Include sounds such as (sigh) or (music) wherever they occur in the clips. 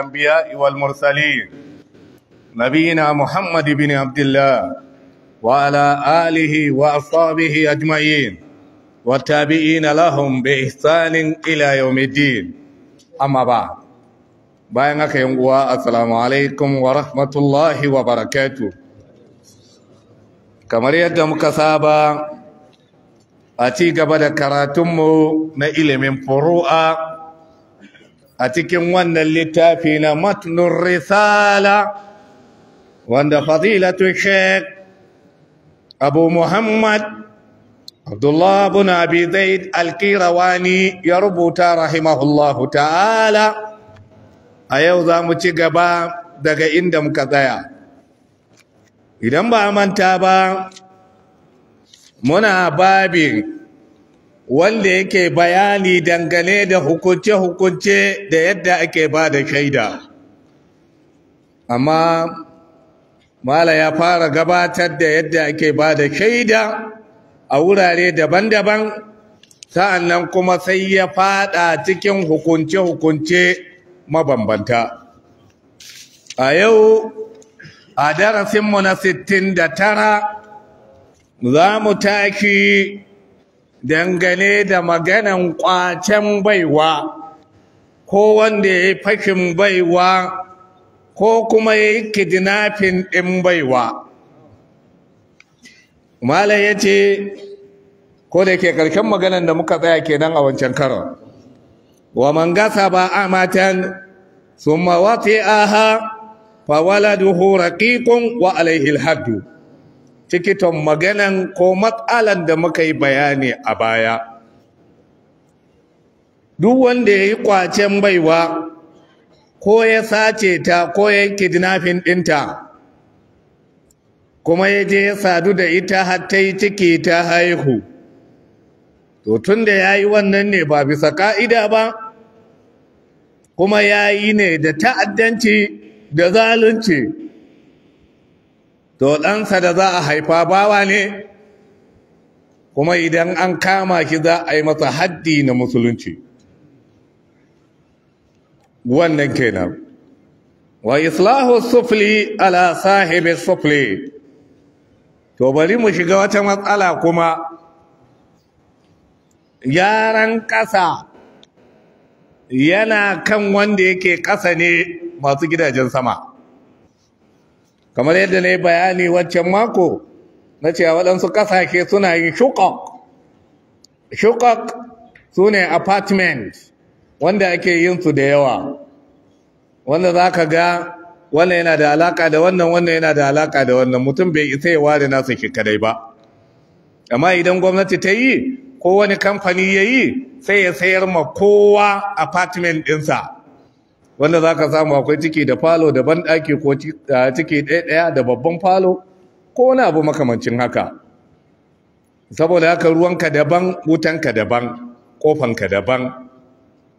الأنبياء والمرسلين نبينا محمد بن عبد الله وعلى آله وأصحابه أجمعين والتابعين لهم بإحسان إلى يوم الدين أما بعد بينك يوم السلام عليكم ورحمة الله وبركاته كما يدام كسابا أتي قبل كراتمو نإلم فروعا a cikin wannan littafi na matnun risala wanda fadilatun sheik abu muhammad abdullah bin abi zaid alkirawani ya rubuta rahimahullahu ta'ala a yau za mu ci gaba daga inda muka tsaya idan ba manta ba muna babin wanda yake bayani dangane da hukunce-hukunce da yadda ake ba da shaida amma mala ya fara gabatar da yadda ake ba da shaida a wurare daban-daban sa'annan kuma sai ya fada cikin hukunce-hukunce mabambanta a yau a darasinmu na sittin da tara za mu tashi dangane da maganan ƙwacen baiwa ko wanda ya yi fashin baiwa ko kuma ya yi kidnafin ɗin baiwa malam ya ce ko da ke ƙarshen maganan da muka tsaya kenan a wancan karo, wa man gasa ba amatan mawafi aha fa waladuhu raƙiƙun wa alaihi haddu tikiton maganan ko matsalan da muka yi bayani a baya duk wanda ya yi kwacen baiwa ko ya sace ta ko ya yi kidnafin ɗinta kuma ya je ya sadu da ita har ta yi ciki ta haihu to tun da ya yi wannan ne ba bisa ka'ida ba kuma ya yi ne da ta'addanci da zalunci to ɗansa da za a haifa bawa ne kuma idan an kama shi za a yi masa haddi na musulunci wannan kenan wa islahu sufli ala sahibi sufli to bari mu shiga wata matsala kuma yaran ƙasa yana kan wanda yake ƙasa ne masu gidajen sama kamar yadda na yi bayani waccan mako na cewa waɗansu ƙasashe suna yin shukok shukok su ne apartment wanda ake yin su da yawa wanda za ka ga wannan yana da alaƙa da wannan wannan yana da alaƙa da wannan mutum bai isa yawa da nasa shi kadai ba amma idan gwamnati ta yi ko wani kamfani ya yi sai ya sayar ma kowa apartment ɗinsa wanda za ka samu akwai ciki da falo da ban ɗaki ko ciki ɗaya da babban falo ko wani abu makamancin haka saboda haka ruwanka daban wutanka daban ƙofanka daban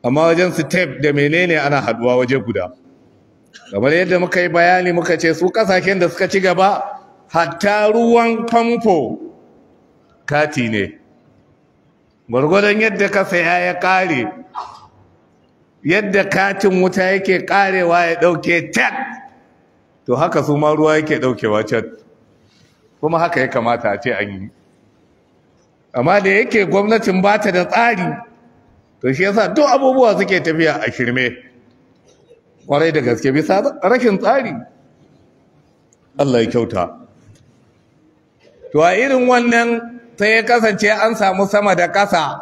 amma wajen step da menene ana haduwa waje guda kamar yadda muka yi bayani muka ce su ƙasashen da suka ci gaba hatta ruwan famfo kati ne gwargwadon yadda ka saya ya ƙare yadda katin wuta yake karewa ya dauke tak to haka su ma ruwa yake daukewa cat kuma haka ya kamata a ce an yi amma da yake gwamnatin ba ta da tsari to shi yasa duk abubuwa suke tafiya a shirme kwarai da gaske bisa rashin tsari Allah ya kyauta to a irin wannan sai ya kasance an samu sama da ƙasa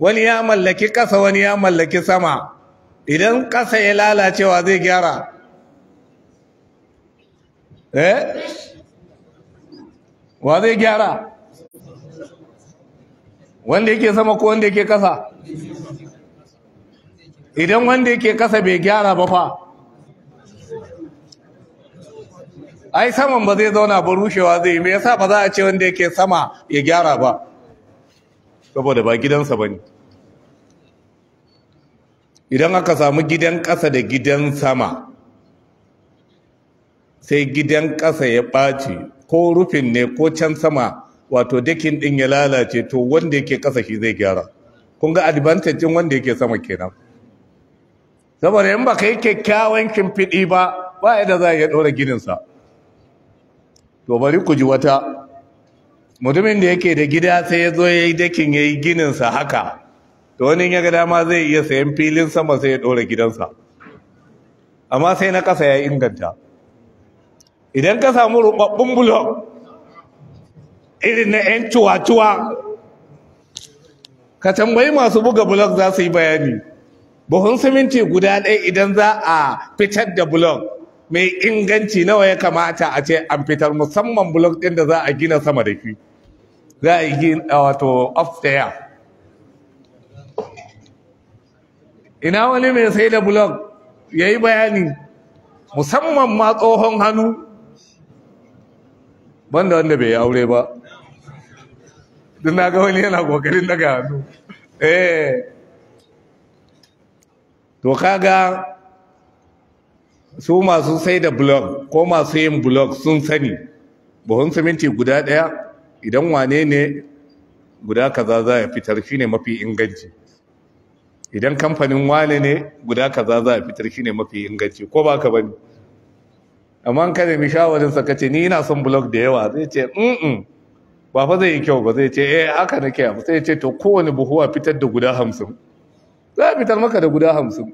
wani ya mallaki ƙasa wani ya mallaki sama idan ƙasa ya lalacewa zai gyara eh wa zai gyara wanda yake sama ko wanda yake ƙasa idan wanda yake ƙasa bai gyara ba fa ai saman ba zai zauna ba rushewa zai me yasa ba za a ce wanda yake sama ya gyara ba saboda ba gidansa bane idan aka samu gidan ƙasa da gidan sama sai gidan ƙasa ya ɓaci ko rufin ne ko can sama wato dakin ɗin ya lalace to wanda yake ƙasa shi zai gyara kun ga advantage wanda yake sama kenan saboda yin baka yi kyakkyawan kimfiɗi ba ba yadda za a iya ɗora gininsa to bari ku ji wata mutumin da yake da gida sai ya zo ya yi dakin ya yi gininsa haka to wani ya ga dama zai iya sayan filin sama sai ya ɗora gidansa amma sai na ƙasa ya inganta idan ka samu rubabbun bulon irin na 'yan cuwa-cuwa ka tambayi masu buga bulon za su yi bayani buhun siminti guda ɗaya idan za a fitar da bulon mai inganci nawa ya kamata a ce an fitar musamman bulon ɗin da za a gina sama da shi za a yi wato off ina wani mai sai da blog ya yi bayani musamman ma tsohon hannu banda wanda bai aure ba don na ga wani yana kokarin daga hannu eh to kaga su masu sai da blog ko masu yin blog sun sani buhun siminti guda daya idan wane ne guda kaza za ya fitar shi ne mafi inganci idan kamfanin wane ne guda ka za a fitar shi ne mafi inganci ko ba ka ba ne amma ka nemi shawarinsa ka ce ni ina son blog da yawa zai ce mm ba fa zai yi kyau ba zai ce eh haka nake abu sai ce to kowane buhu a fitar da guda hamsin za a fitar maka da guda hamsin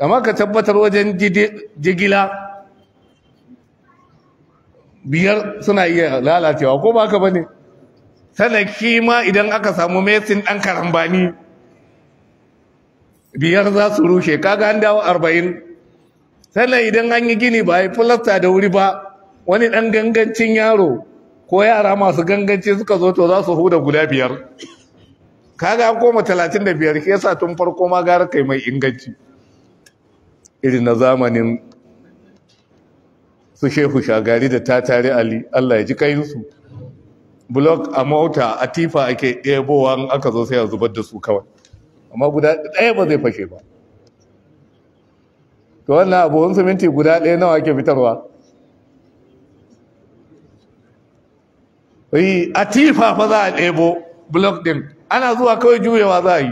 amma ka tabbatar wajen jigila biyar suna iya lalacewa ko ba ka ba ne sannan kima idan aka samu mesin ɗan karambani biyar za su rushe kaga an dawo arba'in sannan idan an yi gini ba a yi filasta da wuri ba wani ɗan gangancin yaro ko yara masu ganganci suka zo to za su huda guda biyar kaga an koma talatin da biyar ke sa tun farko ma gara kai mai inganci irin na zamanin su shehu shagari da ta tare ali allah ya ji kayinsu blok a mota a tifa ake ɗebowa aka zo sai a zubar da su kawai amma guda ɗaya ba zai fashe ba to wannan abubuwan siminti guda ɗaya nawa ke fitarwa yi a tifa fa za a ɗebo blok ɗin ana zuwa kawai juyawa za a yi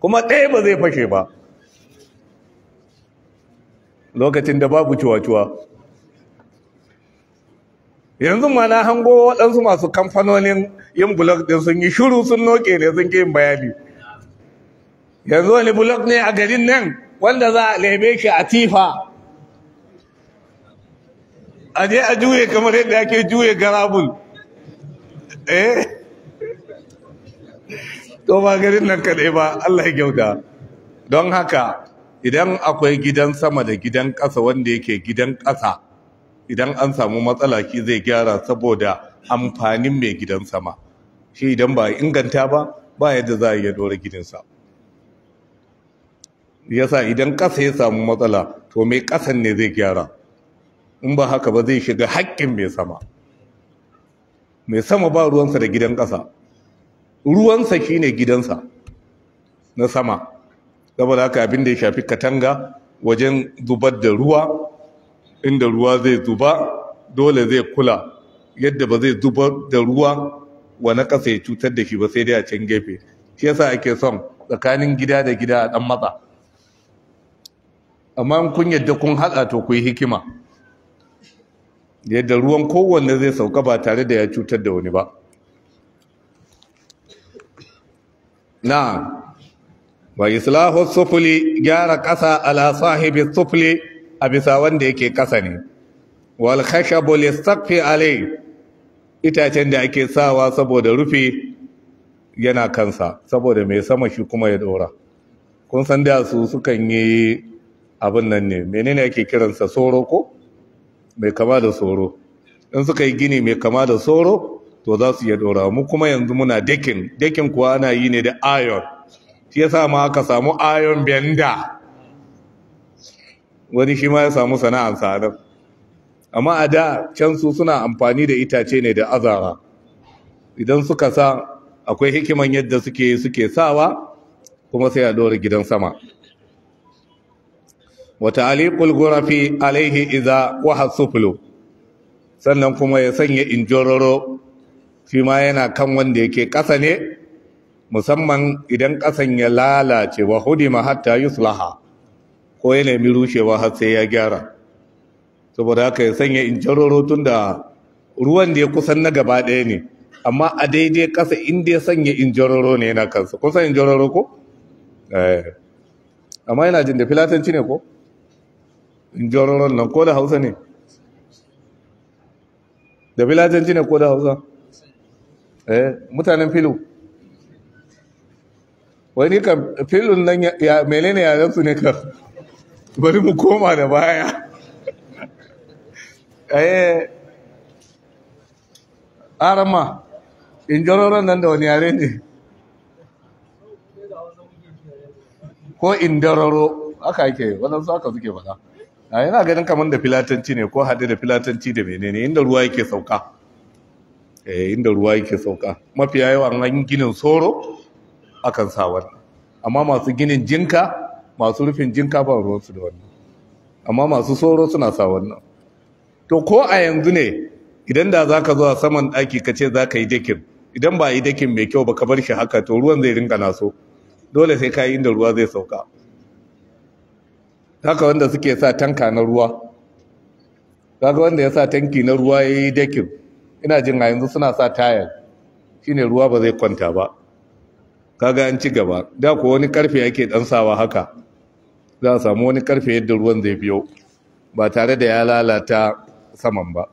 kuma ɗaya ba zai fashe ba lokacin da babu cuwa-cuwa yanzu ma na hango waɗansu masu kamfanonin yin blog ɗin sun yi shuru sun noke ne sun yin bayani yanzu wani blog ne a garin nan wanda za a lebe shi a tifa a je a juye kamar yadda ake juye garabul eh to ba garin nan kaɗai ba Allah ya gyauta don haka idan akwai gidan sama da gidan ƙasa wanda yake gidan ƙasa idan an samu matsala ki zai gyara saboda amfanin mai gidan sama shi idan ba inganta ba ba yadda za a iya dora gidansa yasa idan ƙasa ya samu matsala to mai ƙasan ne zai gyara in ba haka ba zai shiga haƙƙin mai sama mai sama ba ruwansa da gidan ƙasa ruwansa shine gidansa na sama saboda haka abin da ya shafi katanga wajen zubar da ruwa inda ruwa zai zuba dole zai kula yadda ba zai zubar da ruwa wa na ƙasa ya cutar da shi ba sai dai a can gefe shi yasa ake son tsakanin gida da gida a ɗan matsa amma kun yadda kun haɗa to ku yi hikima yadda ruwan kowanne zai sauka ba tare da ya cutar da wani ba na wa islahu sufuli gyara ƙasa ala sahibi sufuli a bisa wanda yake ƙasa ne wal khashabu lisaqfi alai itacen da ake sawa saboda rufe yana kansa saboda mai sama shi kuma ya dora kun san da su sukan yi abin nan ne menene ake kiransa soro ko mai kama da soro in suka yi gini mai kama da soro to za su iya dora mu kuma yanzu muna dekin dekin kuwa ana yi ne da ayon. shi yasa ma aka samu iron bender wani shi ma ya samu sana'ar sarar amma a da can su suna amfani da itace ne da azara idan suka sa akwai hikiman yadda suke suke sawa kuma sai a dora gidan sama wata aliƙul gurafi alaihi iza waha sufulu sannan kuma ya sanya injororo shi ma yana kan wanda yake ƙasa ne musamman idan ƙasan ya lalace wa hudima hatta yuslaha ko ya nemi rushewa har sai ya gyara saboda haka ya sanya in jaroro tun da ruwan da ya kusan na gaba ɗaya ne amma a daidai ƙasa inda ya sanya in jaroro ne na kansa san in jaroro ko? Eh. amma yana jin da filatanci ne ko? in jaroron nan ko da hausa ne da filatanci ne ko da hausa eh mutanen filu wani ka filin nan ya menene su ne ka? bari mu koma da baya aye eh. arama injororon nan da wani yare ne ko indararo aka ake waɗansu aka suke faɗa a yana ganin kamar da filatanci ne ko haɗe da filatanci da menene inda ruwa yake sauka eh, inda ruwa yake sauka mafiya yawan an ginin soro akan sawar. amma masu ginin jinka masu rufin jinka ba ruwansu da wannan amma masu tsoro suna sa wannan to ko a yanzu ne idan da za ka zo saman ɗaki ka ce za ka yi dakin idan ba a yi dakin mai kyau ba ka bar shi haka to ruwan zai rinka naso dole sai ka yi inda ruwa zai sauka haka wanda suke sa tanka na ruwa kaga wanda ya sa tanki na ruwa ya yi dakin ina jin a yanzu suna sa tayar shine ruwa ba zai kwanta ba kaga an ci gaba da ko wani karfe yake dan sawa haka za a samu wani karfe yadda ruwan zai biyo ba tare da ya lalata saman ba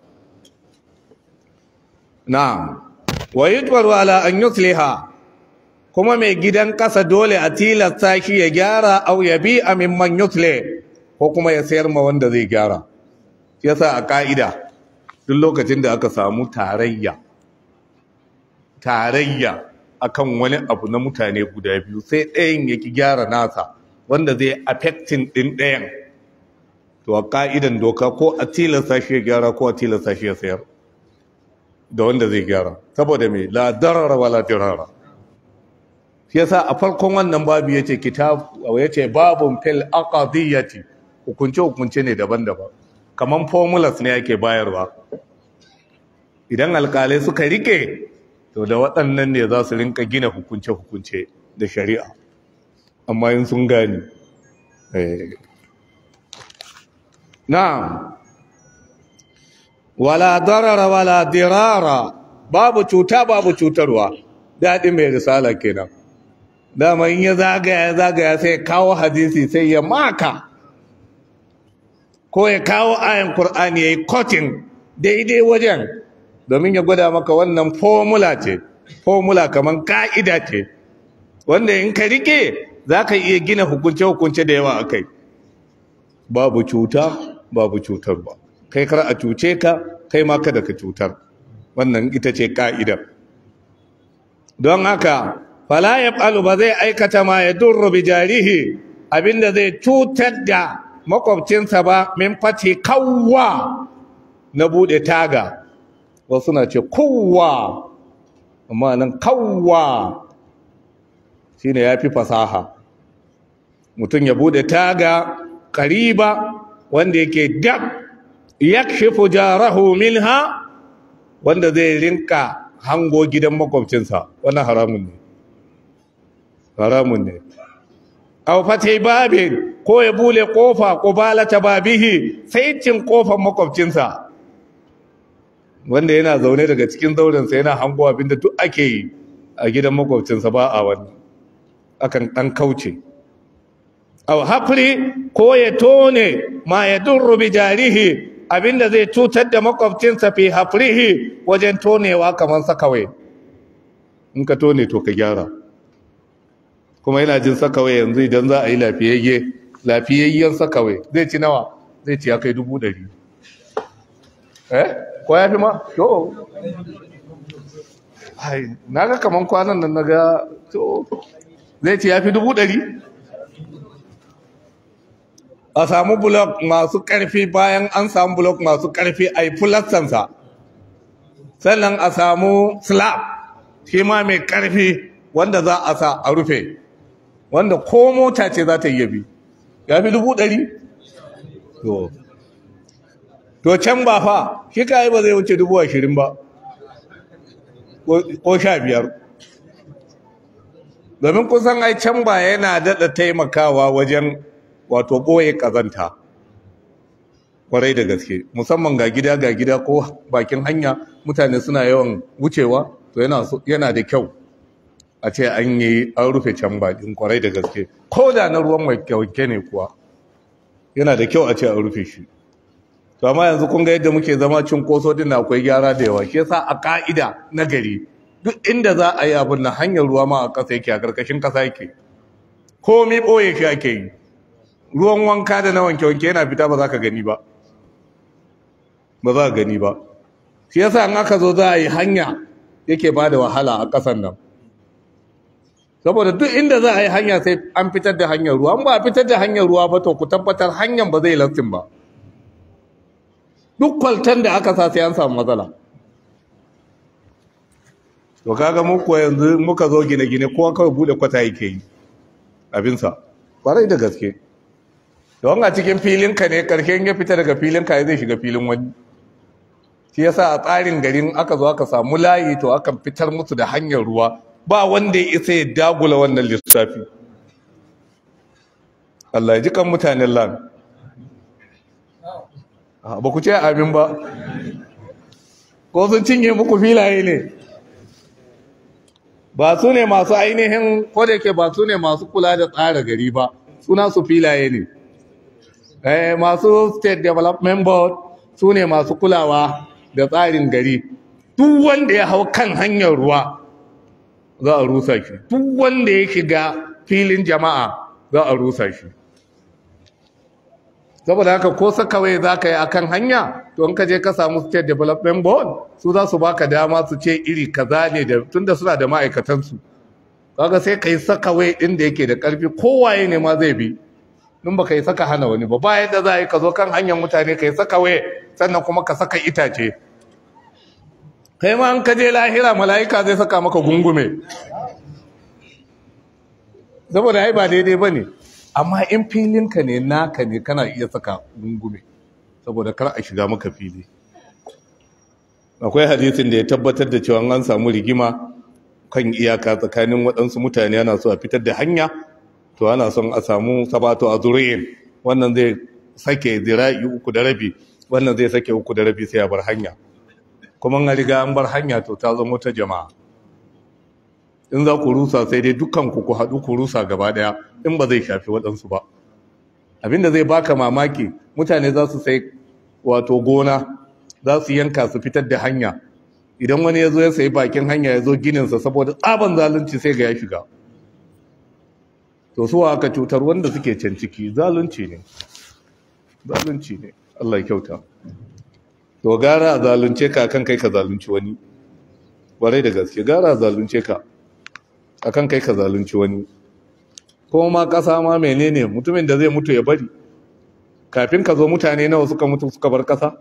na'am wa yudbaru ala an yusliha kuma mai gidan ƙasa dole a tilasta shi ya gyara au ya bi a mimman yusle ko kuma ya sayar ma wanda zai gyara yasa a ƙa'ida duk lokacin da aka samu tarayya tarayya akan wani abu na mutane guda biyu sai ɗayan yake gyara nasa wanda zai affecting din ɗayan to a ka'idan doka ko a tilasta shi ya gyara ko a tilasta shi ya sayar da wanda zai gyara saboda mai ladarar darara wa la shi yasa a farkon wannan babu yace kitab yace babun fil aqdiyati hukunce hukunce ne daban-daban kamar formulas ne yake bayarwa idan alkalai suka rike to da waɗannan ne za su rinka gina hukunce hukunce da shari'a amma yin sun gani eh. na'am wala darara wala dirara babu cuta babu cutarwa daɗi mai risala kenan dama in ya zagaya zagaya sai kawo hadisi sai ya maka ko ya kawo ayan Kur'ani ya yi kotin daidai wajen domin ya gwada maka wannan formula ce formula kamar ka'ida ce wanda in ka rike za ka iya gina hukunce-hukunce da yawa a kai babu cuta babu cutar ba kai kar a cuce ka kai ma kada ka cutar wannan ita ce ka'ida don haka fala Alu ba zai aikata ma ya durru bi jarihi abinda zai cutar da makwabcinsa ba min fati kawwa na bude taga wasu na ce kowa amma nan kawwa shine ya fi fasaha mutum ya bude taga kariba, wanda yake dab yakshifu jarahu minha wanda zai rinka hango gidan makwabcinsa wannan haramun ne haramun ne aw fatai ko ya bule kofa balata babihi sai cin kofar makwabcinsa wanda yana zaune daga cikin zauren yana hango abinda duk ake yi a gidan makwabcinsa ba a wani, akan dan kauce aw haqli ko ya tone ma yadurru bi jarihi abinda zai cutar da makwabcinsa fi hafrihi wajen tonewa kamar sakawai in ka tone to ka gyara kuma yana jin sakawai yanzu idan za a yi lafiyayye lafiyayyen sakawai zai ci nawa zai ci ya kai dubu ɗari eh ko ya fi ma to ai na ga kaman kwanan nan na ga to zai ci ya fi dubu ɗari a samu blok masu ƙarfi bayan an samu blok masu karfi a yi fulassansa sannan a samu slab shi ma mai ƙarfi wanda za a sa a rufe wanda ko mota ce za ta yi yabi ya fi dubu ɗari to can ba fa shi yi ba zai wuce dubu ashirin ba ko sha biyar domin kusan ai can ba yana daɗa taimakawa wajen wato boye kazanta kwarai da gaske musamman ga gida ga gida ko bakin hanya mutane suna yawan wucewa to yana da kyau a ce an yi an rufe can bakin kwarai da gaske ko da na ruwan wanke-wanke ne kuwa yana da kyau a ce an rufe shi to amma yanzu kun ga yadda muke zama cin koso din akwai gyara da yawa shi yasa a ka'ida na gari duk inda za a yi abin na hanyar ruwa ma a ƙasa yake a ƙarƙashin ƙasa yake komi ɓoye shi ake yi ruwan wanka da na wanke-wanke yana fita ba za ka gani ba ba za ka gani ba shi yasa an aka zo za a yi hanya yake ba da wahala a ƙasan nan saboda duk inda za a yi hanya sai an fitar da hanyar ruwa an ba a fitar da hanyar ruwa ba to ku tabbatar hanyar ba zai lastin ba duk kwaltan da aka sa sai an samu matsala to kaga mu ko yanzu muka zo gine-gine kowa kawai bude kwata yake yi abinsa ƙwarai da gaske don a cikin filinka ne karshen ya fita daga filinka zai shiga filin wani shi yasa a tsarin garin aka zo aka samu layi to akan fitar musu da hanyar ruwa ba wanda ya isa ya dagula wannan lissafi Allah ya ji kan mutanen lan ah, ba ku ce abin ba ko sun cinye muku filaye ne ba su ne masu ainihin kodayake ba su ne masu kula da tsara gari ba suna su filaye ne Eh, masu state development board su ne masu kulawa da tsarin gari duk wanda ya hau kan hanyar ruwa za a rusa shi duk wanda ya shiga filin jama'a za a rusa shi saboda haka ko sakawai za ka yi a kan hanya to in ka je ka samu state development board su za su baka dama su ce iri kaza ne da tunda suna da ma'aikatansu kaga sai ka yi sakawai ɗin da yake da ƙarfi kowaye ne ma zai bi in baka yi saka hana wani ba bayan da za a yi ka zo kan hanyar mutane ka yi saka waye sannan kuma ka saka itace kai ma an kaje lahira mala'ika zai saka maka gungume saboda ai ba daidai ba ne amma in filinka ne naka ne kana iya saka gungume saboda kar a shiga maka fili akwai hadisin da ya tabbatar da cewa an samu rigima kan iyaka tsakanin waɗansu mutane yana so a fitar da hanya to ana son a samu sabato a zuri'in wannan zai sake dira'i uku da rabi wannan zai sake uku da rabi sai a bar hanya kuma an riga an bar hanya to ta zama ta jama'a in za ku rusa sai dai dukkan ku ku haɗu ku rusa gaba ɗaya in ba zai shafi waɗansu ba abinda zai baka mamaki mutane za su sai wato gona za su yanka su fitar da hanya idan wani ya zo ya sayi bakin hanya ya zo ginin sa, saboda tsaban zalunci sai ga ya shiga to su aka cutar wanda suke can ciki zalunci ne zalunci ne Allah ya kyauta to gara zalunce ka akan kai ka zalunci wani bare da gaske gara zalunce ka akan kai ka zalunci wani ko ma kasa ma menene mutumin da zai mutu ya bari kafin ka zo mutane nawa suka mutu suka bar kasa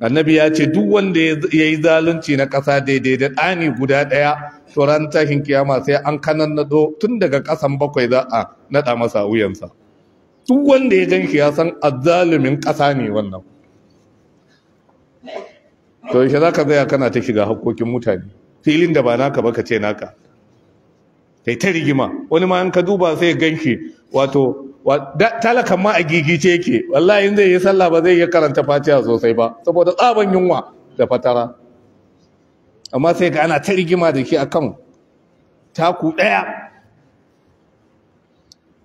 annabi ya ce duk wanda ya yi zalunci na kasa daidai da ɗani guda ɗaya tsoron tashin kiyama sai an kanan na tun daga kasan bakwai za a nada masa wuyansa duk wanda ya ganshi ya san azzalumin kasa ne wannan to shi za ka zaya kana ta shiga hakokin mutane filin da ba naka ba ka ce naka sai ta rigima wani ma in ka duba sai ganshi wato talakan ma a gigice yake wallahi in zai yi sallah ba zai iya karanta fatiha sosai ba saboda tsaban yunwa da fatara amma sai ga ana ta rigima da shi akan taku ɗaya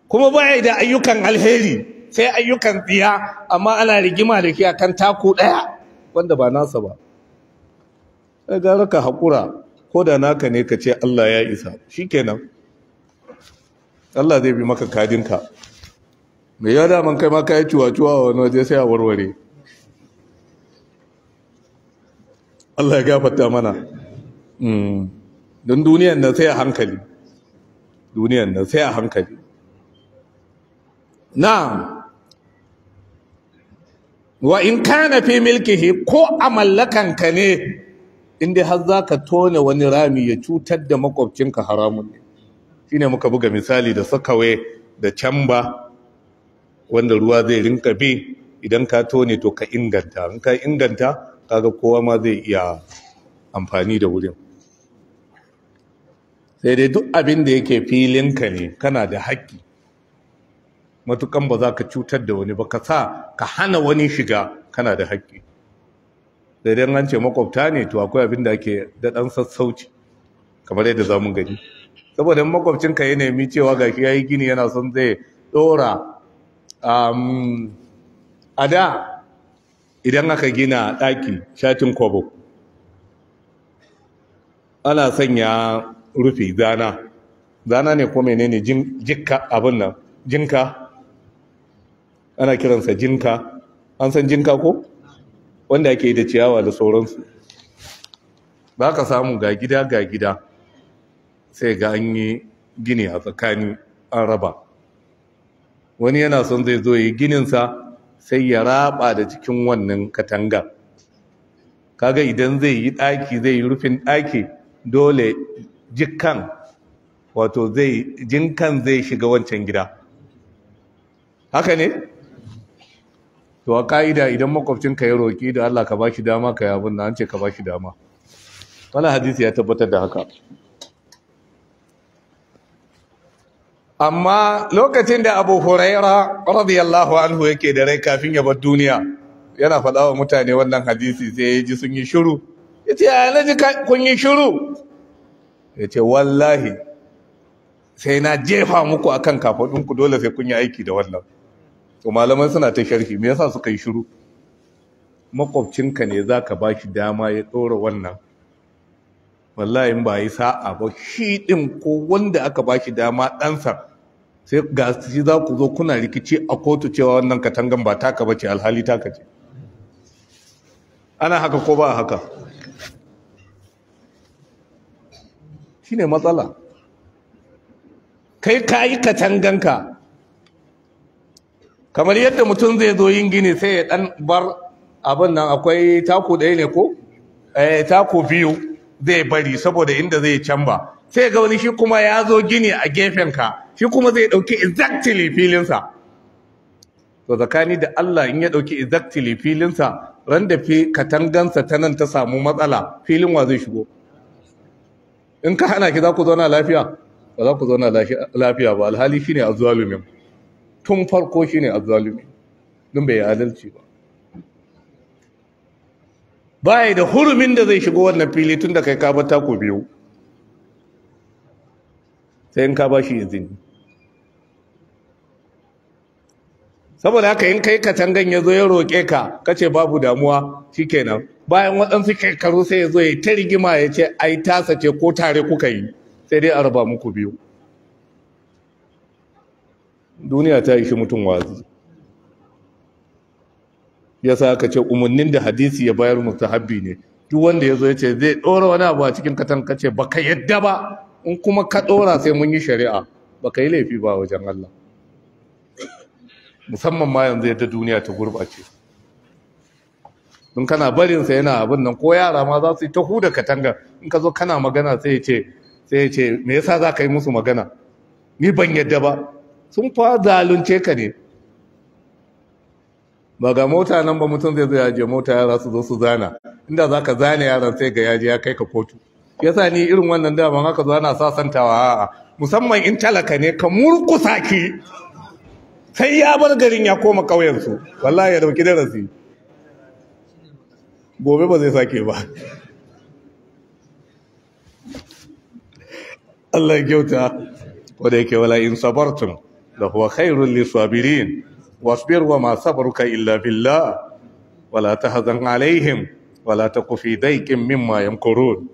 kuma baya da ayyukan alheri sai ayyukan tsiya amma ana rigima da shi akan taku daya wanda ba nasa ba sai gara ka haƙura ko da naka ne ka ce Allah ya isa shikenan Allah zai bi maka kadinka mai yada man kai ma ka ciwa cuwa-cuwa wani waje sai a warware Allah ya gafarta mana mm. don duniyan nan sai a hankali duniyan nan sai a hankali Na, wa in kana fi milkihi ko a mallakanka ne inda har za ka tone wani rami ya cutar da makwabcinka haramun ne shi ne muka buga misali da sakawe da camba wanda ruwa zai rinka bi idan ka tone to ka inganta in ka inganta kaga kowa ma zai iya amfani da wurin sai dai duk abin da yake filinka ne kana da haƙƙi matukan ba za ka cutar da wani ba ka sa ka hana wani shiga kana da haƙƙi sai dai an ce makwabta ne to akwai abin da ake da sassauci kamar yadda za mu gani saboda makwabcinka ya nemi cewa ga shi ya yi gini yana son zai ɗora um, a da idan aka gina ɗaki shatin kwabo ana sanya rufi zana zana ne ko menene jinka abin nan jinka ana kiransa jinka an san jinka ko wanda ake yi da ciyawa da sauransu ba ka samu ga gida ga gida sai ga an yi gini a tsakani an raba wani yana son zai zo yi gininsa sai ya raba da cikin wannan katangar kaga idan zai yi ɗaki zai yi rufin ɗaki dole jikan wato zai jinkan zai shiga wancan gida haka ne to a ka'ida idan ka ya roƙi da Allah ka bashi dama ka yi abin da an ce ka bashi dama wala hadisi ya tabbatar da haka amma lokacin da abu huraira radiyallahu anhu yake da rai kafin ya bar duniya yana faɗa wa mutane wannan hadisi sai ya ji sun yi shiru ya ce ya na ji kun yi shiru ya ce wallahi sai na jefa muku akan kafaɗinku dole sai kun yi aiki da wannan to malaman suna ta sharhi me yasa suka yi shiru makwabcinka ne za ka ba shi dama ya ɗora wannan wallahi in ba yi sa'a ba shi din ko wanda aka ba shi dama ɗansa sai ga shi za ku zo kuna rikici a kotu cewa wannan katangan ba taka ba ce alhali taka ce ana haka ko ba haka shi ne matsala kai ka yi katanganka kamar yadda mutum zai zo yin gini sai ya ɗan bar abin nan akwai taku ɗaya ne ko? Eh, taku biyu zai bari saboda inda zai canba sai ga wani shi kuma ya zo gini a gefenka shi kuma zai ɗauki exactly filinsa to tsakani da Allah in ya ɗauki exactly filinsa ran da fi katangansa ta nan ta samu matsala filin wa zai shigo in ka hana ki za ku zauna lafiya ba za ku zauna lafiya ba alhali shine azzalumin tun farko shine azalumin, don bai adalci ba ba da hurumin da zai shigo wannan fili tun da kai ka bata ku biyu sai in ka ba shi izini saboda haka in kai katangan ya zo ya roƙe ka kace babu damuwa shi kenan. bayan waɗansu shekaru sai ya zo ya ta rigima ya ce ai tasa ce ko tare kuka yi sai dai a raba muku biyu duniya ta ishi mutum wazi Ya sa aka ce umarnin da hadisi ya bayar mustahabbi ne duk wanda ya zo ya ce zai ɗora wani abu a cikin katon ka ce baka yadda ba in kuma ka ɗora sai mun yi shari'a baka yi laifi ba wajen Allah musamman ma yanzu yadda duniya ta gurɓace in kana barinsa yana abin nan ko yara ma za su yi ta da katanga in ka zo kana magana sai ya ce sai ya ce me yasa za ka yi musu magana ni ban yadda ba sun fa zalunce ka ne ba ga mota nan ba mutum zai zo yaje mota yara su zo su zana inda za ka zane yaran sai ga yaji ya kai ka kotu yasa ni irin wannan daman haka zo ana sasantawa a'a musamman in talaka ne ka murkusa ki sai ya bar garin ya koma ƙauyensu wallahi ya dauki darasi gobe ba zai sake ba Allah ya kyauta wadda yake wala in sabartum da huwa khairul lisabirin wasbir wa ma sabruka illa billah wala tahzan alaihim wala taqu fi dayqin mimma yamkurun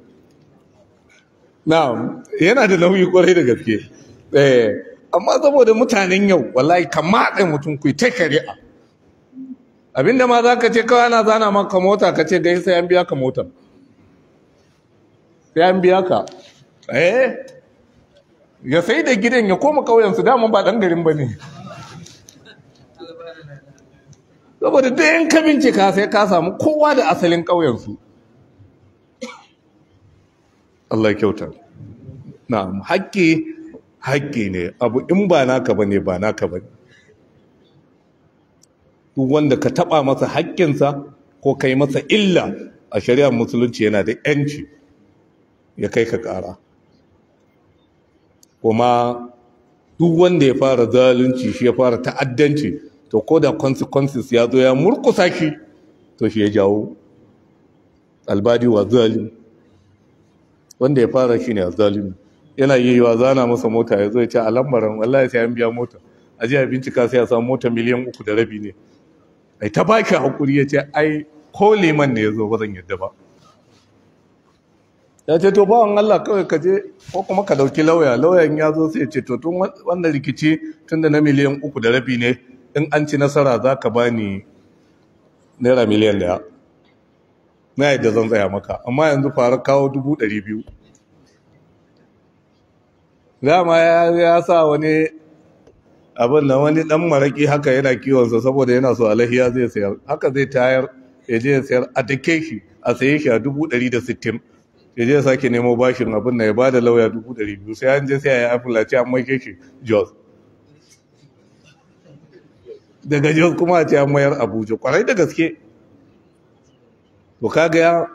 na'am yana da nauyi kwarai da gaske eh amma saboda mutanen yau wallahi kamata mutum ku ta kari'a abinda ma za ka ce kawai ana zana maka mota ka ce gai sai an biya ka mota. sai an biya ka eh ya sai da gidan ya koma kauyensu daman ba ɗan garin ba ne saboda da yan ka bincika sai ka samu kowa da asalin ƙauyensu Allah ya kyauta na'am haƙƙi haƙƙi ne abu in ba naka bane ba naka bane duk wanda ka taɓa masa haƙƙinsa ko kai masa illa a shari'ar musulunci yana da ƴanci, ya kai ka ƙara kuma duk wanda ya fara zalunci shi ya fara ta'addanci to ko da consequences ya zo ya murkusa shi to shi ya jawo albadi wa zalim wanda ya fara shi ne a zalim yana yi wa zana masa mota ya zo ya ce a lambaran wallahi sai an biya mota a jiya ka bincika sai a samu mota miliyan uku da rabi ne ai ta baki hakuri ya ce ai ko leman ne ya zo ba zan yadda ba ya ce to bawan Allah kawai ka je ko kuma ka dauki lauya lauyan ya zo sai ya ce to tun wannan rikici tun na miliyan uku da rabi ne in an ci nasara za ka ba ni naira miliyan daya na yadda zan tsaya maka amma yanzu fara kawo dubu ɗari biyu dama ya sa wani abin da wani dan maraki haka yana kiwonsa saboda yana so alahiya zai sayar haka zai tayar ya je sayar a dake shi a saye shi a dubu ɗari da sittin ya je sake nemo bashin abin da ya ba da lauya dubu ɗari biyu sai an je sai ya yi afila ce an mai shi jos daga jos kuma a ce mayar abuja kwarai da gaske to gaya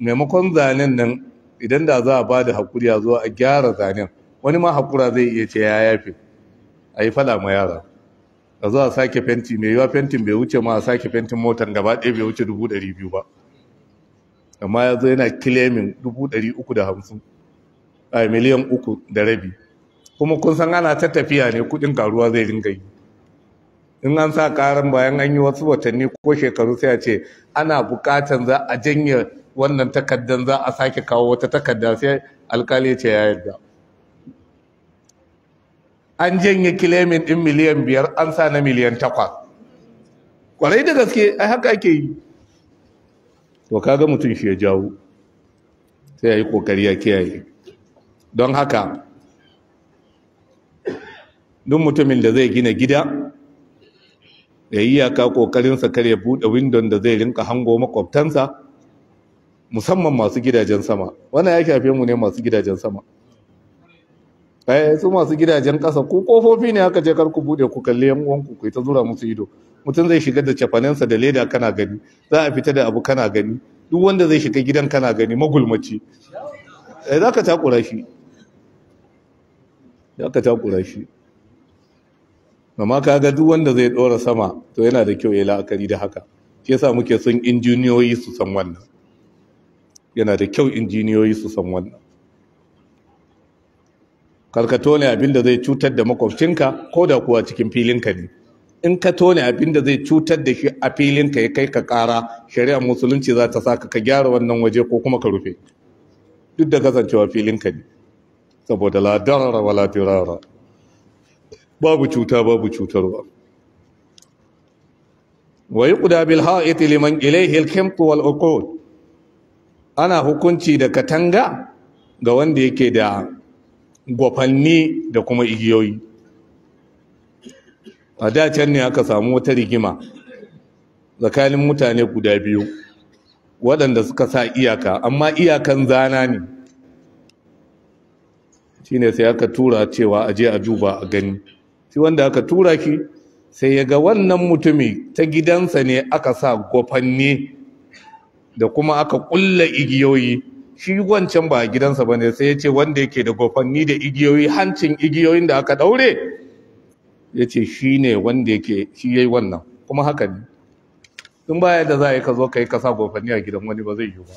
maimakon zanen nan idan da za a ba da haƙuri a zuwa a gyara zanen wani ma haƙura zai iya ce ya yafe a yi fada ma yara a zuwa sake fenti mai yiwa fentin bai wuce ma a sake fentin motar gaba ɗaya bai wuce dubu ba amma ya zo yana kilemin dubu a miliyan uku da rabi kuma kun san ana ta tafiya ne kuɗin karuwa zai ringa yi in an sa karan bayan an yi wasu watanni ko shekaru sai a ce ana bukatan za a janye wannan takaddan za a sake kawo wata takadda sai alkali ce ya yarda an janye kilemin din miliyan biyar an sa na miliyan takwas kwarai da gaske ai haka ake yi to ga mutum shi ya jawo sai ya yi kokari ya kiyaye don haka duk mutumin da zai gina gida da iyaka kokarinsa ƙoƙarinsa kar ya buɗe windon da zai rinka hango makwabtansa musamman masu gidajen sama wannan ya shafe mu ne masu gidajen sama eh su masu gidajen ƙasa ko kofofi ne aka je kar ku buɗe ku kalli yan uwanku ku ta zura musu ido mutum zai shiga da cefanensa da leda kana gani za a fita da abu kana gani duk wanda zai shiga gidan kana gani magulmaci eh za ka takura shi za ka takura shi amma kaga duk wanda zai ɗora sama to yana da kyau ya la'akari da haka shi yasa muke son injiniyoyi su san wannan yana da kyau injiniyoyi su san wannan karkato ne abinda zai cutar da makwabcinka ko da kuwa cikin filinka ne in ka tone abin zai cutar da shi a filinka ya kai ka kara shari'a musulunci za ta saka ka gyara wannan waje ko kuma ka rufe duk da kasancewa filinka ne saboda la darara wala dirara babu cuta babu cutarwa wa yuqda bil ha'it liman ilayhi al wal uqud ana hukunci da katanga ga wanda yake da gwafanni da kuma igiyoyi a da can ne aka samu wata rigima tsakanin mutane guda biyu waɗanda suka sa iyaka amma iyakan zana ne Shi ne sai aka tura cewa a je a juba a gani shi wanda aka tura ki sai ya ga wannan mutumi ta gidansa ne aka sa gwafanni da kuma aka kulla igiyoyi shi wancan ba gidansa ba ne sai ya ce wanda yake da gofanni da igiyoyi hancin igiyoyin da aka daure ya ce shi ne wanda yake shi ya yi wannan kuma haka ne tun baya da za a yi ka zo ka yi kasa gofanni a gidan wani ba zai yi ba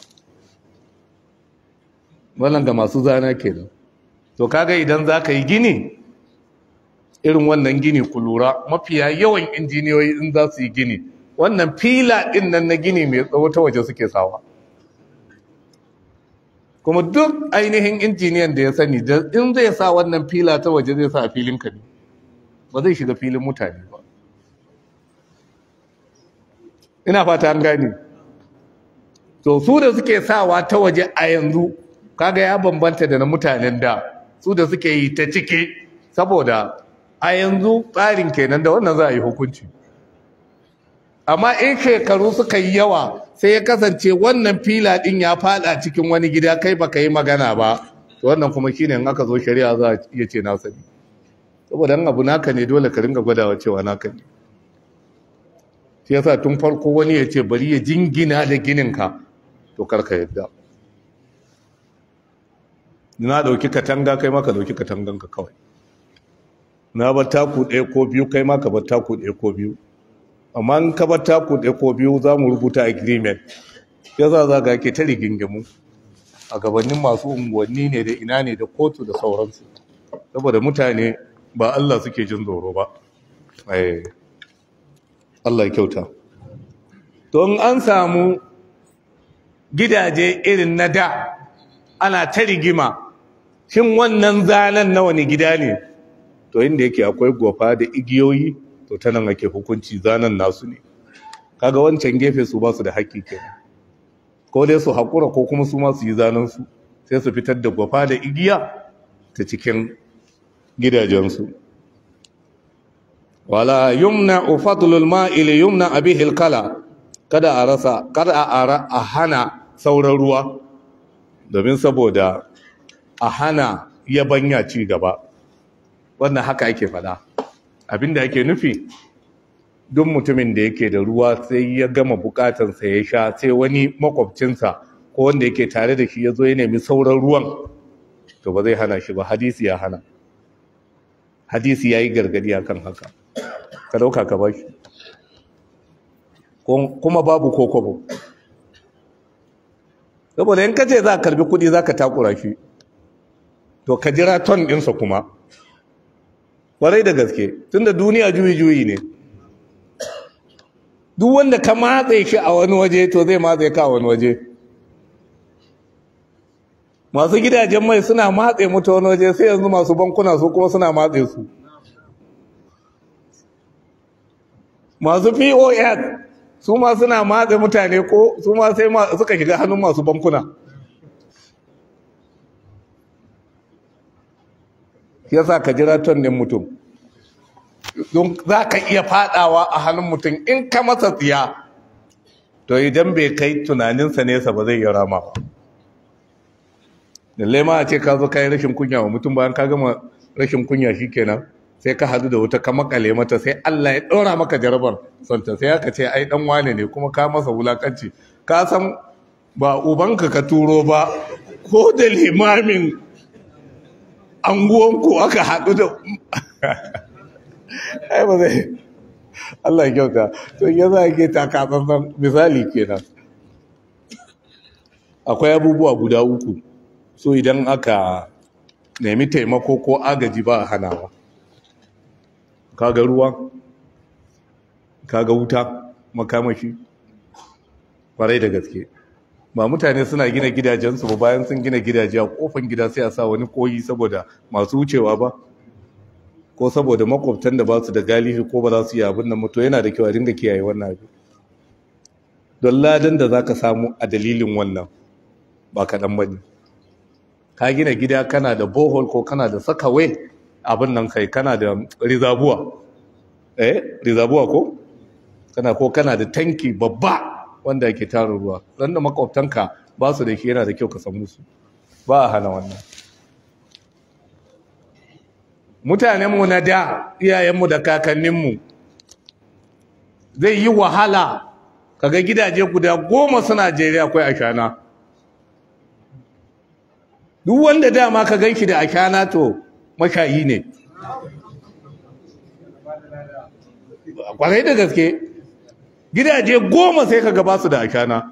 wannan ga masu zana ke da to kaga idan za ka yi gini irin wannan gini ku lura mafiya yawan injiniyoyi in za su yi gini wannan fila ɗin nan na gini mai tsawo ta waje suke sawa kuma duk ainihin injiniyan da ya sani in zai sa wannan fila ta waje zai sa a filin ka ne ba zai shiga filin mutane ba ina fata an gani. to su da suke sawa ta waje a yanzu kaga ya bambanta da na mutanen da su da suke yi ta ciki saboda a yanzu tsarin kenan da wannan za a yi hukunci amma in shekaru suka yi yawa sai ya kasance wannan fila din ya fada cikin wani gida kai baka yi magana ba wannan kuma shine in aka zo shari'a za a iya ce na sani saboda abu naka ne dole ka ringa gwadawa cewa naka ne shi yasa tun farko wani ya ce bari ya jingina da ginin ka, to karka yadda na dauki katanga kai maka dauki ka kawai na bar taku ɗaya ko biyu kai ma ka bar taku ɗaya ko biyu amma in ka bar taku ɗaya ko biyu za mu rubuta agreement ya za za ga ke ta rigingimu a gabanin masu unguwanni ne da ina ne da kotu da sauransu saboda mutane ba Allah suke jin zoro ba eh, Allah ya kyauta in an samu gidaje irin na da ana ta rigima shin wannan zanen na wani gida ne to inda yake akwai gofa da igiyoyi to ta nan ake hukunci zanen nasu ne kaga wancan gefe su ba su da haƙƙi kenan ko dai su haƙura ko kuma su ma su yi zanen su sai su fitar da gofa da igiya ta cikin gidajensu wala yumna fadlul ma'il yumna abihil kala kada a rasa kada a hana sauran ruwa domin saboda a hana yabanya ci gaba wannan haka ake faɗa abinda ake nufi duk mutumin da yake da ruwa sai ya gama bukatansa ya sha sai wani makwabcinsa ko wanda yake tare da shi ya zo ya nemi sauran ruwan to ba zai hana shi ba hadisi ya hana hadisi ya yi gargadi a kan haka ka ɗauka ka ba shi kuma babu kokobo saboda in kace za ka karbi kuɗi za ka takura shi to ka jira ton ɗinsa kuma kwarai da gaske tunda duniya juyi-juyi ne duk wanda ka matse shi a wani waje to zai matse ka a wani waje masu gidajen mai suna matse mutu wani waje sai yanzu masu bankuna su kuma suna matse su masu pos su ma suna matse mutane ko su ma sai suka shiga hannun masu bankuna ya yasa ka jira ton ne mutum don za ka iya fadawa a hannun mutum in ka masa tsiya to idan bai kai tunaninsa nesa ba zai yi rama ba da lema a ce ka zo kayan rashin kunya wa mutum bayan ka gama rashin kunya shi kenan sai ka hadu da wuta ka makale mata sai Allah ya ɗora maka jarabar santa sai aka ce ai dan wane ne kuma ka masa wulakanci ka san ba ubanka ka turo ba ko da limamin anguwanku aka haɗu da ai ba zai Allah kyauta to ya za ke takatsantsan misali kenan akwai abubuwa guda uku so idan aka nemi taimako ko agaji ba a hanawa kaga ruwa kaga wuta makamashi kwarai da gaske ba mutane suna gina gidajensu ba bayan sun gina gidaje a kofan gida sai a sa wani koyi saboda masu wucewa ba ko saboda makwabtan da ba su da galihi ko ba za su yi abin nan mutu yana da kyau a dinga kiyaye wannan abin don ladan da za ka samu a dalilin wannan ba kaɗan ba ne ka gina gida kana da bohol ko kana da sakawe abin nan kai kana da rizabuwa eh rizabuwa ko kana ko kana da tanki babba wanda yake tara ruwa dan da makwabtanka ba su da ke yana da kyau ka san musu ba a hana wannan mutanenmu na da iyayenmu da kakanninmu zai yi wahala kaga gidaje guda goma su najeriya akwai ashana duk wanda dama ka ganki da ashana to makayi ne kwarai da gaske gidaje goma sai ka gaba su da ashana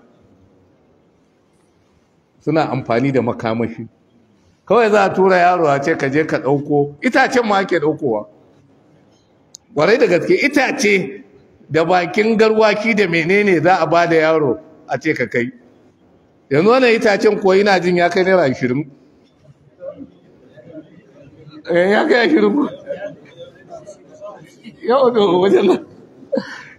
suna amfani da makamashi kawai za a tura yaro a ce ka je ka ɗauko itacen ma ake ɗaukowa ƙwarai da gaske itace da bakin garwaki da menene za a ba da yaro a ce ka kai yanzu wannan itacen ko ina jin ya kai naira ashirin eh, ya kai ashirin yau da wajen nan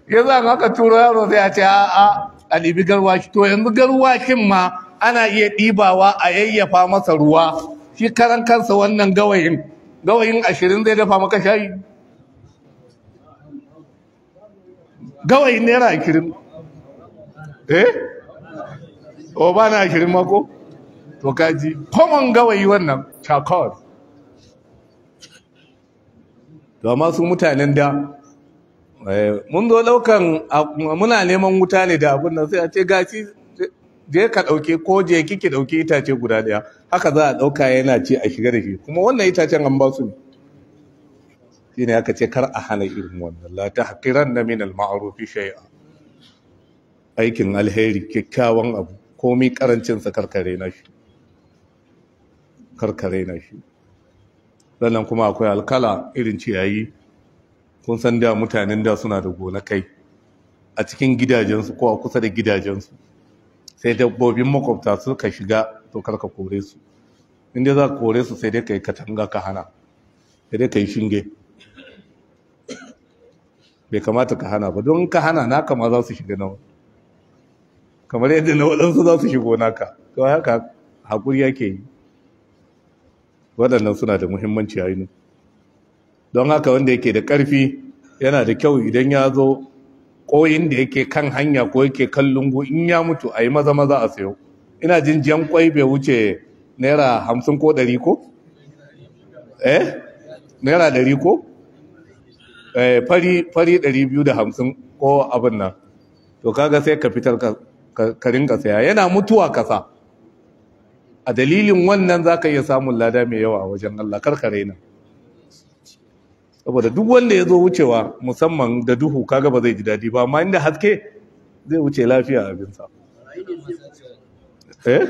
Yanzu an aka turo yaro zai ce a'a a ɗibi garwashi to yanzu garwashin ma ana iya ɗibawa a yayyafa masa ruwa shi karan kansa wannan gawayin gawayin ashirin zai dafa maka shayi gawayin naira ashirin eh o oh, ba na ashirin mako to kaji common gawayi wannan charcoal to amma su mutanen da Eh, mun zo ɗaukan muna neman wuta ne da abin nan sai a ce gashi je ka ɗauke ko je kike ɗauke itace guda ɗaya haka za a ɗauka yana ce a shiga da shi kuma wannan itacen an ba su ne shi aka ce kar a hana irin wannan la ta haƙiran na min al-ma'arufi shay'a aikin alheri kyakkyawan abu komai karancin sa karkare na shi karkare na shi sannan kuma akwai alkala irin ciyayi kun san da mutanen da suna da gonakai a cikin gidajensu ko a kusa da gidajensu sai dabbobin makwabta suka shiga to karka kore su inda za ka kore su sai dai ka yi katanga ka hana sai dai ka yi shinge bai kamata ka hana ba don ka hana naka ma za su shiga nawa kamar yadda na waɗansu za su shigo naka to haka haƙuri yake yi waɗannan suna da muhimmanci a yi don haka wanda yake da ƙarfi yana da kyau idan ya zo ƙoyin da yake kan hanya ko yake kan lungu in ya mutu a yi maza maza a sayo ina jin jan ƙwai bai wuce naira hamsin ko ɗari ko? eh naira ɗari ko? eh fari ɗari biyu da hamsin ko abin nan to kaga sai ka fitar ka rinka saya yana mutuwa kasa a dalilin wannan za ka iya samun lada mai yawa wajen Allah karkare nan saboda duk wanda ya zo wucewa musamman da duhu kaga ba zai ji daɗi ba amma inda haske zai wuce lafiya abinsa eh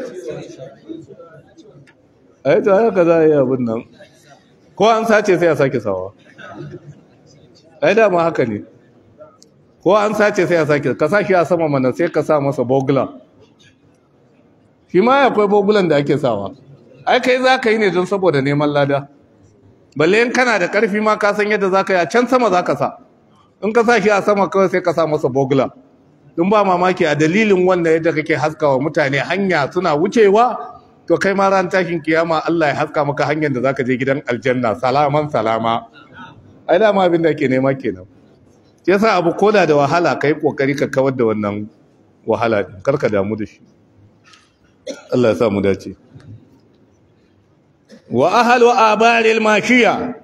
ai to haka za a yi abin nan ko an sace sai a sake sawa ai dama haka ne ko an sace sai a sake ka sa shi a sama mana sai ka sa masa bogula shi ma akwai bogulan da ake sawa ai kai za ka yi ne don saboda neman lada balle in kana da ƙarfi ma ka san yadda za ka yi a can sama ka sa in ka sa shi a sama kawai sai ka sa masa bogla in ba mamaki a dalilin wanda yadda kake haska wa mutane hanya suna wucewa to kai ma ran tashin kiyama Allah ya haska maka hanyar da za ka je gidan aljanna salaman salama ai da ma abin da ke nema kenan yasa abu koda da wahala kai kokari ka kawar da wannan wahala kar ka damu da shi Allah ya sa mu dace wa ahalu abaril mashiya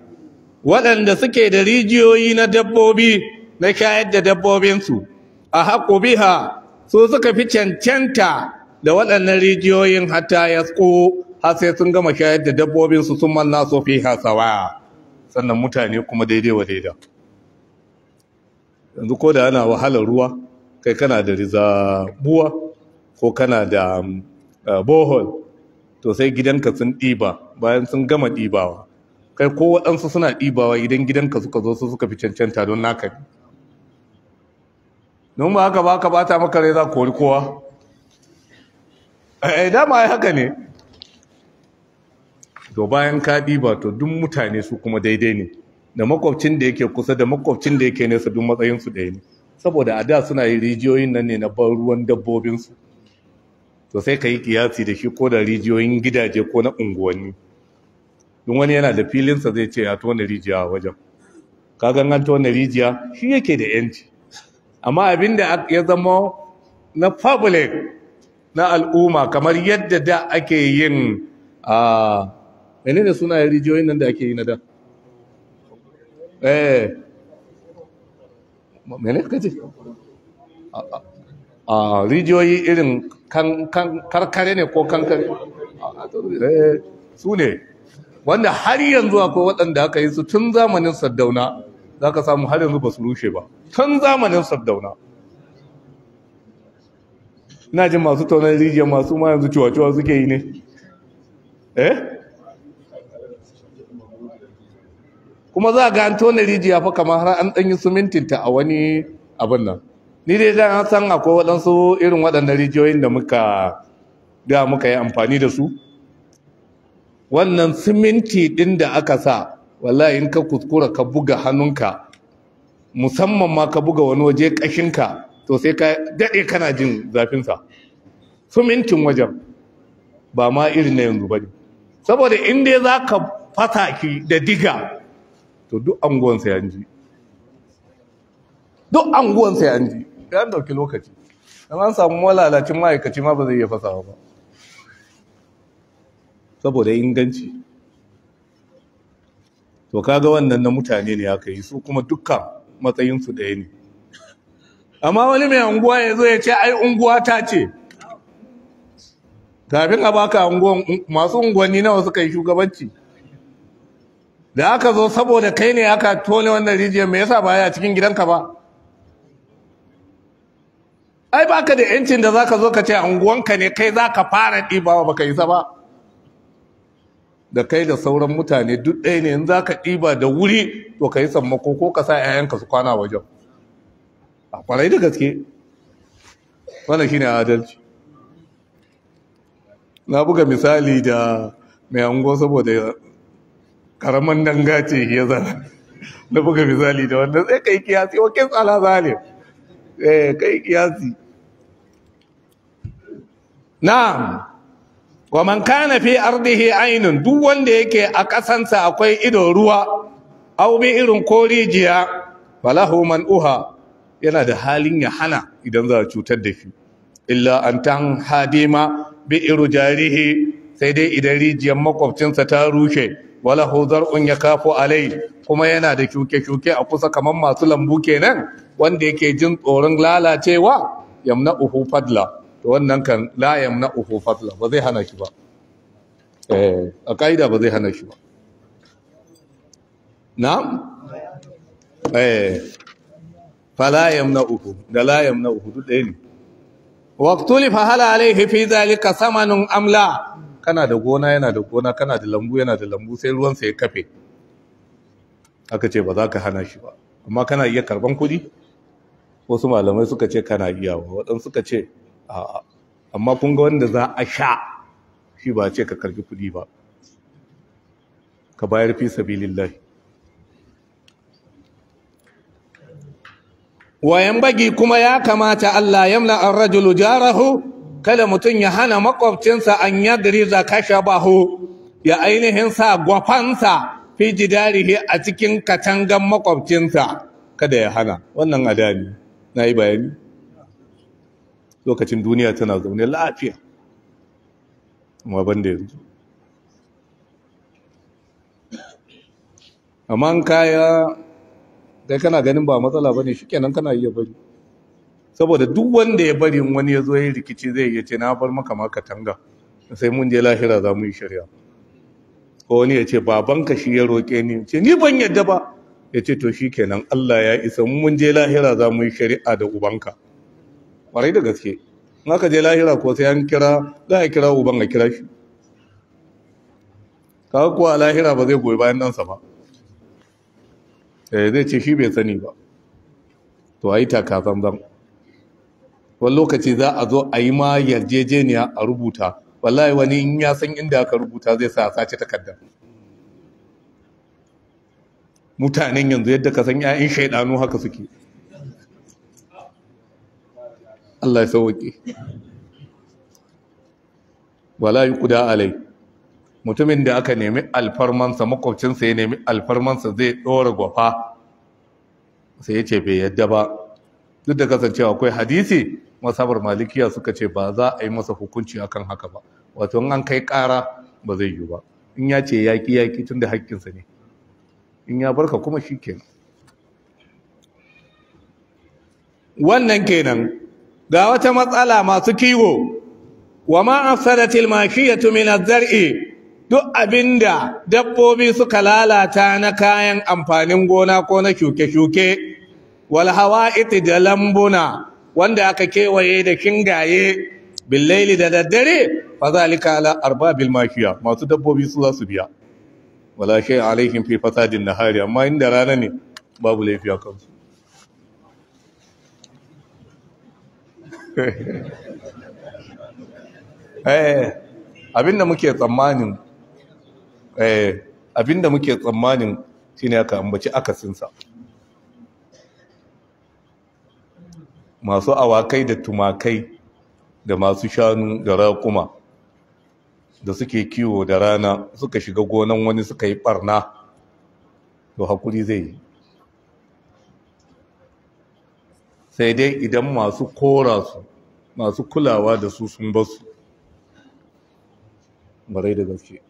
waɗanda suke da rijiyoyi na dabbobi na shayar da dabbobinsu a haƙo biha su suka fi cancanta da waɗannan rijiyoyin hatta ya tsko har sai sun gama shayar da dabbobinsu sun manna so fi hasawa sannan mutane kuma daidai wa daida yanzu ko da ana wahalar ruwa kai kana da rizabuwa ko kana da eh, bohol to sai gidanka sun ɗiba bayan sun gama ɗibawa kai ko waɗansu suna ɗibawa idan gidanka suka zo su suka fi cancanta don naka ne don ba haka ba ka bata maka rai za kori kowa eh, eh dama ai haka ne to bayan ka ɗiba to duk mutane su kuma daidai ne da makwabcin da yake kusa da makwabcin da yake nesa duk matsayinsu ɗaya ne saboda a da suna yi rijiyoyin nan ne na ban ruwan dabbobinsu to sai ka yi kiyasi da shi ko da rijiyoyin gidaje ko na unguwanni don wani yana da filinsa zai ce ya tona rijiya a wajen kagan an tona rijiya shi yake da yanci amma abin da ya zama na public na al'umma kamar yadda da ake yin a yanayi da suna rijiyoyin nan da ake yi na da eh mene kaji? a rijiyoyi irin karkare ne ko kankare eh, su ne wanda har yanzu akwai waɗanda aka yi su tun zamanin sardauna za ka samu har yanzu ba su rushe ba tun zamanin sardauna na jin masu taunar rijiyar masu ma yanzu cewa ciwa suke yi ne eh kuma za a ga an tona rijiya fa kamar har an ɗanyi sumintinta a wani abin nan ni dai da san akwai waɗansu irin waɗannan rijiyoyin da muka da muka yi amfani da su wannan siminti ɗin da aka sa wallahi in ka kuskura ka buga hannunka musamman ma ka buga wani waje ƙashinka to sai ka daɗe kana jin zafinsa simintin wajen ba ma irin na yanzu ba ne saboda in dai za ka fasa ki da diga to duk anguwansa ji. duk anguwansa ji. ya dauki lokaci an samu malalacin ma'aikaci ma ba zai iya fasawa ba saboda inganci to kaga wannan na mutane ne aka yi su kuma dukkan matsayinsu ɗaya ne amma wani mai unguwa ya zo ya ce ai unguwa ta ce kafin a baka masu unguwanni nawa suka yi shugabanci da aka zo saboda kai ne aka tone wannan rijiyar me yasa ba cikin gidanka ba ai baka da yancin da zaka zo ka ce unguwanka ne kai zaka fara ɗibawa baka isa ba da kai da sauran mutane duk ɗaya ne in zaka ɗiba da wuri to ka yi sammako ko ka sa 'ya'yanka su kwana wajen a kwarai da gaske wannan shine adalci na buga misali da mai ango saboda karaman dangace ya zara na buga misali da wannan sai kai kiyasi wa tsala zalim Eh, kai kiyasi na'am wa man kana fi ardihi ainun duk wanda yake a kasansa akwai ido ruwa aw bi irin ko rijiya falahu man uha yana da halin ya hana idan za a cutar da shi illa an tan hadima bi iru jarihi sai dai idan rijiyar makwabcinsa ta rushe wala hozar zar'un ya kafo alai kuma yana da shuke-shuke a kusa kamar masu lambu kenan wanda yake jin tsoron lalacewa yamna uhu fadla to wannan kan la yamna uhu fadla ba zai hana shi ba eh a kaida ba zai hana shi ba na'am eh fala yamna uhu da la yamna uhu duk ɗaya ne Waktuli fa hala alaihi fi zalika samanun amla kana da gona yana da gona kana da lambu yana da lambu sai ruwan sa ya kafe aka ce ba za ka hana shi ba amma kana iya karban kuɗi wasu malamai suka ce kana ba waɗansu suka ce a'a amma kun ga wanda za a sha shi ba ce ka karfi kuɗi ba ka bayar fi sabilillahi wayan bagi kuma ya kamata Allah yamla ar-rajulu jarahu kada mutum ya hana makwabcinsa an yagriza kashabahu ya ainihin sa gwafansa fi jidarihi a cikin katangan makwabcinsa kada ya hana wannan adani na yi bayani lokacin duniya tana zaune lafiya amma ban da yanzu amma kaya kai kana ganin ba matsala ba ne shi kenan kana iya bari saboda duk wanda ya bari wani ya zo ya rikici zai iya ce na bar maka maka tanga sai mun je lahira za mu yi shari'a ko wani ya ce babanka shi ya roƙe ni ce ni ban yadda ba ya ce to shi kenan Allah ya isa mun je lahira za mu yi shari'a da ubanka ƙwarai da gaske in aka je lahira ko sai an kira za a kira uban a kira shi kawai kuwa lahira ba zai goyi bayan ɗansa ba eh, zai ce shi bai sani ba to a yi takasan zan wani lokaci za a zo a yi ma yarjejeniya a rubuta wallahi wani in ya san inda aka rubuta zai sa a sace takardar mutanen yanzu yadda ka san 'ya'yan shaidanu haka suke Allah ya sauke wala yi kuda alai mutumin da aka nemi alfarmansa makwabcinsa ya nemi alfarmansa zai ɗora gwafa sai ya ce bai yadda ba duk da kasancewa akwai hadisi masabar malikiya suka ce ba za a yi masa hukunci akan haka ba wato an kai ƙara ba zai yi ba in ya ce yaƙi yaƙi tun da haƙƙinsa ne in ya barka kuma shi kenan wannan kenan ga wata matsala masu kiwo wa ma afsadatil mashiyatu min az-zar'i duk abinda dabbobi suka lalata na kayan amfanin gona ko na shuke-shuke wal hawa'iti da lambuna wanda aka kewaye da kingaye billaili da daddare fa zalika ala arbabil mashiya masu dabbobi su za su biya wala shay alaikin fi fasadin nahari amma inda rana ne babu laifi a kansu (laughs) eh, abinda muke tsammanin shi eh, abinda aka ambaci akasinsa masu awakai da tumakai da masu shanu da raƙuma da suke kiwo da rana suka shiga gonan wani suka yi barna to hakuri zai yi sai dai idan masu kora su masu kulawa da su sun basu marai da gaske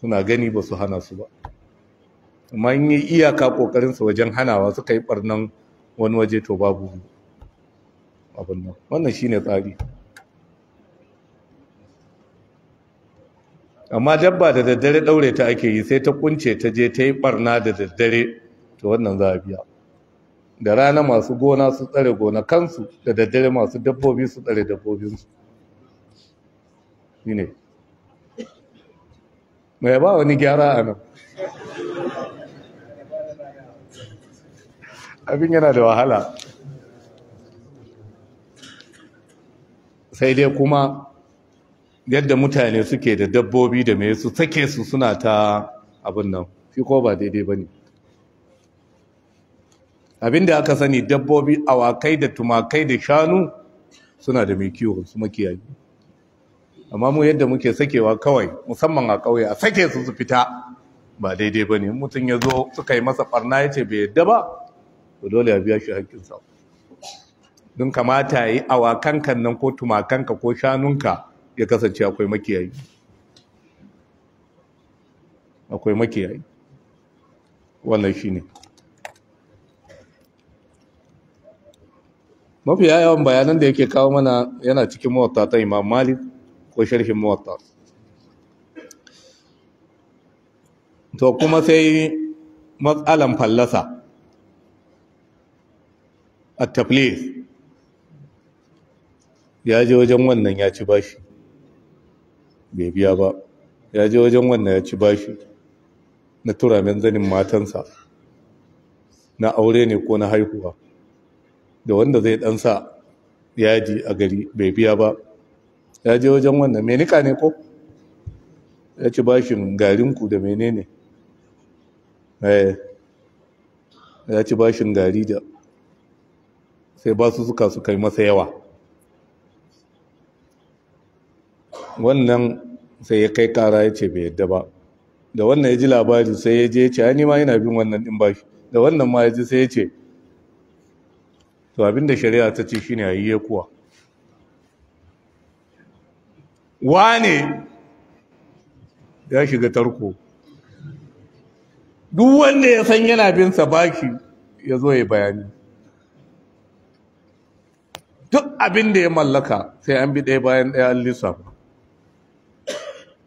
suna gani ba su hana su ba amma in yi iyaka ƙoƙarinsu wajen hanawa suka yi ɓarnan wani waje to babu abin nan wannan shine tsari amma dabba da daddare daure ta ake yi sai ta kunce ta je ta yi barna da daddare to wannan za a biya da rana masu gona su tsare gona kansu, da daddare masu dabbobi su tsare dabbobinsu shine mai ba wani gyara a nan abin yana da wahala sai dai kuma yadda mutane suke da dabbobi da mai su sake su suna ta abin nan fi ko ba daidai ba ne abinda aka sani dabbobi awakai da tumakai da shanu suna da mai kiwo su makiyayi amma mu yadda muke sakewa kawai musamman a ƙauye a sake su su fita ba daidai ba ne mutum ya zo suka yi masa barna ya ce bai yadda ba to dole ya biya shi hakinsa. don kamata ya yi awakankan nan ko tumakanka ko shanunka ya kasance akwai makiyayi akwai makiyayi wannan shi ne mafiya yawan bayanan da yake kawo mana yana cikin mawatta ta imam malik ko sharhin mawatta to kuma sai matsalan fallasa a taflis ya je wajen wannan ya ci bashi bai biya ba ya je wajen wannan ya ci bashi na turamin zanin matansa na aure ne ko na haihuwa da wanda zai dan sa yaji a gari bai biya ba ya je wajen wannan mai nika ne ko ya ci bashin garinku da menene eh, ya ci bashin gari da sai ba su suka su kai masa yawa wannan sai ya kai kara ya ce bai yadda ba da wannan ya ji labari sai ya je ya ce ni ma yana bin wannan din bashi da wannan ma ya ji sai ya ce to abinda shari'a ta ce shine ayi ya kuwa wane ya shiga tarko duk wanda ya san yana bin sa baki, ya zo ya bayani duk abin da ya mallaka sai an bi ɗaya bayan ɗaya an lissafa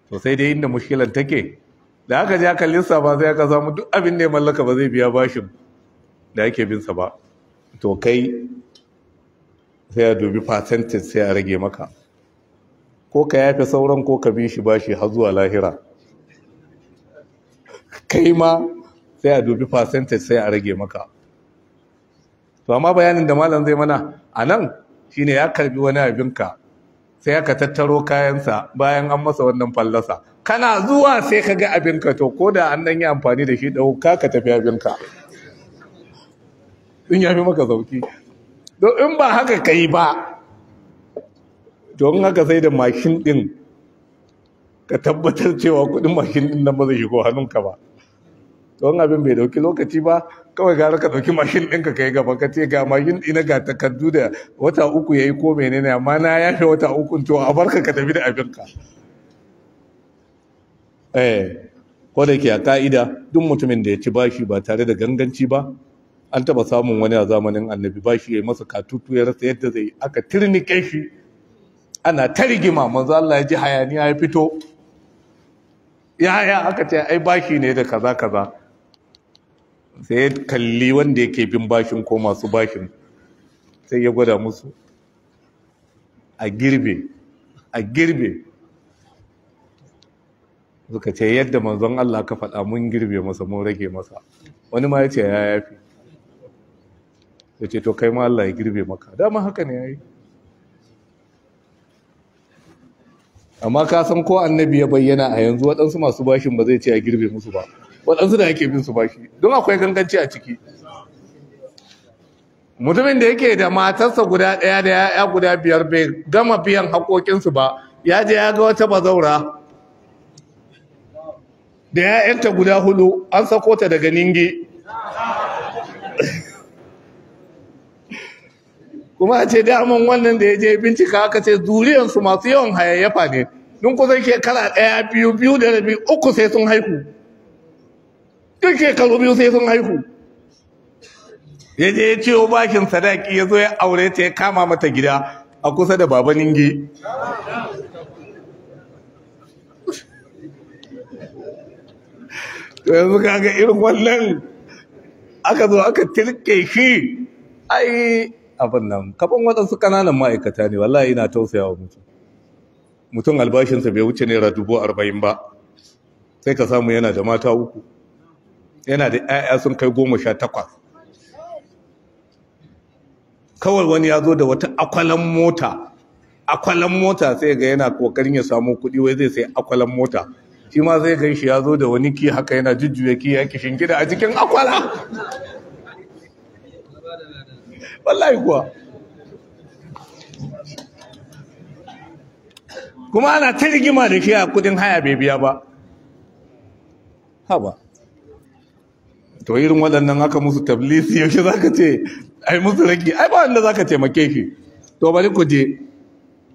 to sai dai inda mushkilan take da aka ja kallinsa ba sai aka samu duk abin da ya mallaka ba zai biya bashin da ake binsa ba to kai sai ya dubi percentage sai a rage maka ko ka yafe sauran ko ka bi shi bashi har zuwa lahira kai ma sai a dubi percentage sai a rage maka to amma bayanin da malam zai mana a nan shine ya karbi wani abinka sai aka tattaro kayansa bayan an masa wannan fallasa kana zuwa sai ka ga abinka to ko da an yi amfani da shi ɗauka ka tafi abinka in ya maka sauki don in ba haka ka yi ba to in haka sai da mashin ɗin ka tabbatar cewa kuɗin mashin ɗin na ba zai shigo hannunka ba To wani abin bai ɗauki lokaci ba kawai gara ka ɗauki mashin ɗinka ka yi gaba ka ce ga mashin ɗina ga takardu da wata uku ya yi ko menene amma na yafe wata uku to a barka ka tafi da abinka eh ko da ke a ka'ida duk mutumin da ya ci bashi ba tare da ganganci ba an taɓa samun wani a zamanin annabi bashi ya yi masa katutu ya rasa yadda zai aka tirnike shi ana ta rigima manzo Allah ya ji hayaniya ya fito yaya aka ce ai bashi ne da kaza kaza sai kalli wanda yake bin bashin ko masu bashin sai ya gwada musu a girbe a girbe suka ce yadda manzon Allah ka faɗa mun girbe masa mun rage masa wani ma ya ce ya yafi ya ce to kai ma Allah ya girbe maka dama haka ne ya yi amma ka san ko annabi ya bayyana a yanzu waɗansu masu bashin ba zai ce ya girbe musu ba waɗansu da yake bin su bashi don akwai ganganci a ciki mutumin da yake da matarsa guda ɗaya da ya'ya guda biyar bai gama biyan haƙoƙinsu ba ya je ya ga wata bazaura da ya'yanta guda hudu an sako ta daga ninge (laughs) kuma a ce daman wannan da ya je bincika aka ce zuriyarsu masu yawan hayayyafa ne don kusan shekara ɗaya biyu biyu da rabi uku sai sun haihu duk shekaru biyu sai sun haihu ya je ya ciwo bakin sadaki ya zo ya aure ta ya kama mata gida a kusa da baba ninge to yanzu kaga irin wannan aka zo aka tilke shi ai abin nan kafin waɗansu ƙananan ma'aikata ne wallahi ina tausaya wa mutum mutum albashinsa bai wuce naira dubu arba'in ba sai ka samu yana da mata uku yana da 'ya'ya sun kai goma sha takwas kawai wani ya zo da wata akwalan mota akwalan mota sai ga yana kokarin ya samu kuɗi wai zai sai akwalan mota shi ma zai gan shi ya zo da wani ki haka yana jujjuya ki ya kishin gida a jikin akwala wallahi kuwa kuma ana ta rigima da shi a kudin haya bai biya ba haba to irin waɗannan haka musu tablisi yake za ka ce ai musu rage ai ba wanda za ka taimake shi to bari ku je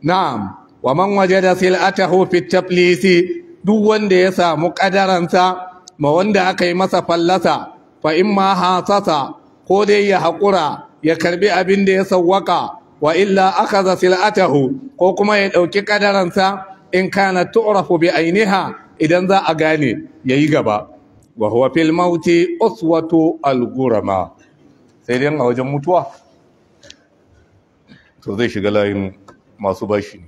na'am wa man wajada sil'atahu fi tablisi duk wanda ya samu kadaransa ma wanda aka yi masa fallasa fa ma hasasa ko dai ya haƙura ya karbi abin da ya sawwaka wa illa akhadha sil'atahu ko kuma ya ɗauki kadaransa in kana tu'rafu bi ainiha idan za a gane yayi gaba wa huwa fil mauti uswatu al gurama sai dai a wajen mutuwa to zai shiga layin masu bashi ne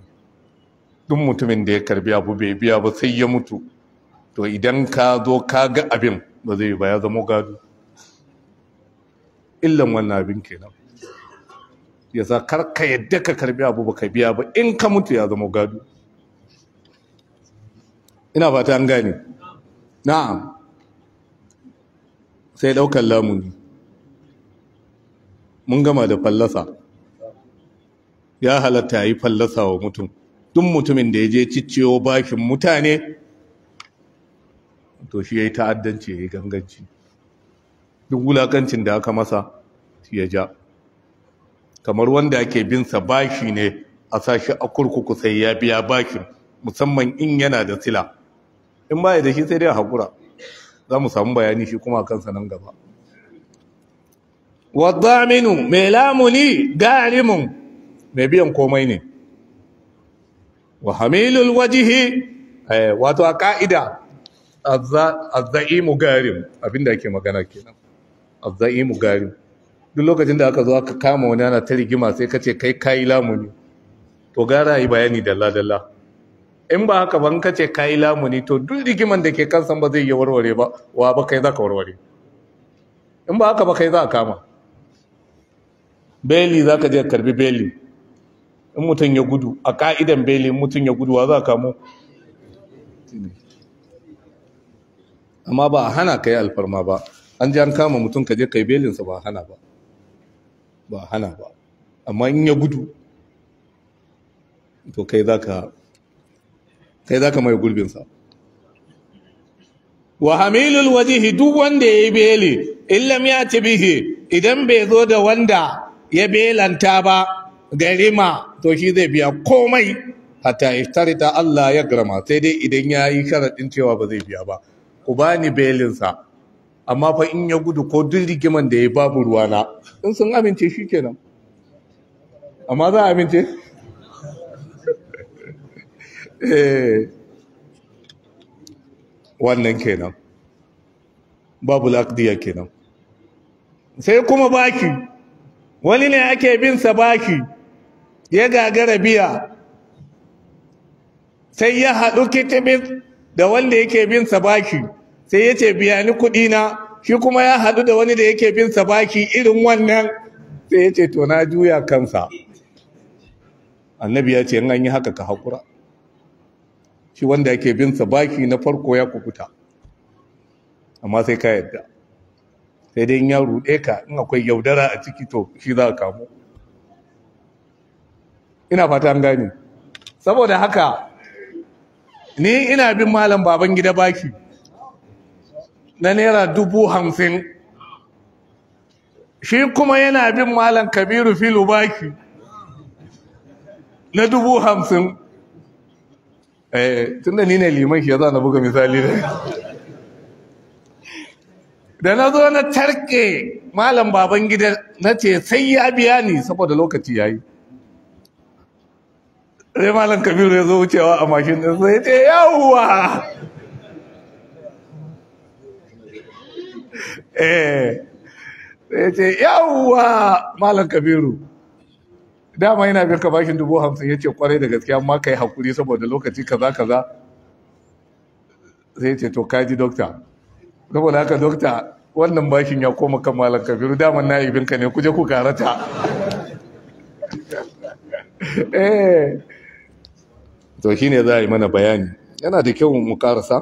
duk mutumin da ya karbi abu bai biya ba sai ya mutu to idan ka zo ka ga abin ba zai ba ya zama gado illan wannan abin kenan ya sa kar ka yadda ka karbi abu ba ka biya ba in ka mutu ya zama gado ina fata an gane na'am sai ɗaukar lamuni mun gama da fallasa ya halatta yi fallasa wa mutum duk mutumin da ya je cicciyo bakin mutane to shi ya yi ta'addanci ya yi ganganci duk wulakancin da aka masa ya ja kamar wanda ake sa bashi ne a sashi a kurkuku sai ya biya bakin musamman in yana da sila in ba da shi sai dai haƙura za mu samu bayani shi kuma kansa nan gaba Wazaminu mai lamuni galimin mai biyan komai ne wa hamilul wajihi eh, wato a ka'ida azza'imu garim abinda ake magana kenan azza'imu garim duk lokacin da aka zo aka kama wani ana ta rigima sai ka ce kai kayi lamuni to gara yi bayani dalla-dalla in ba haka ban kace yi lamuni to duk rigiman da ke kansa ba zai yi warware ba wa ba kai za ka warware in ba haka ba kai za ka kama beli za ka je karbi beli in mutum ya gudu a ka'idan beli mutum ya gudu wa za ka kamo amma ba a hana ka yi alfarma ba an ji an kama mutum ka je kai belinsa ba hana ba ba hana ba amma in ya gudu to kai za ka kai za ka mai gurbinsa wa hamilul wajihi duk wanda ya yi beli illam ya ci bihi idan bai zo da wanda ya belanta ba garima to shi zai biya komai hatta iftarita Allah ya grama sai dai idan ya yi sharaɗin cewa ba zai biya ba ku bani belinsa amma fa in ya gudu ko duk rigiman da ya babu ruwana in sun amince shi kenan amma za a amince Eh, wannan kenan babu lakdiya kenan sai kuma baki wani ne ake bin sa baki ya gagara biya sai ya haɗu kitibin da wanda yake bin sa baki sai ya ce biya ni kuɗi na shi kuma ya haɗu da wani da yake bin sa baki irin wannan sai ya ce to na juya kansa annabi ya ce in an yi haka ka haƙura shi wanda yake bin sa baki na farko ya kukuta amma sai ka yadda sai dai ya ruɗe ka in akwai yaudara a ciki to shi za ka kamo ina fata an gane saboda haka ni ina bin malam baban gida baki na naira dubu hamsin shi kuma yana bin malam kabiru filu baki na dubu hamsin eh tunda ni ne liman shi yasa na buga misali ne. da na zo na tarke malam baban gida na ce sai ya biya ni saboda lokaci yayi sai malam kabiru ya zo wucewa a mashin din sai ce yawwa eh sai ce yawwa malam kabiru dama yana bin ka bashin dubu hamsin ya ce kwarai da gaskiya amma ka yi haƙuri saboda lokaci kaza kaza sai ce to ka ji dokta saboda haka dokta wannan bashin ya koma kan malam kabiru dama na yi binka ne kuje ku karata (laughs) eh to shine za a yi mana bayani yana da kyau mu karasa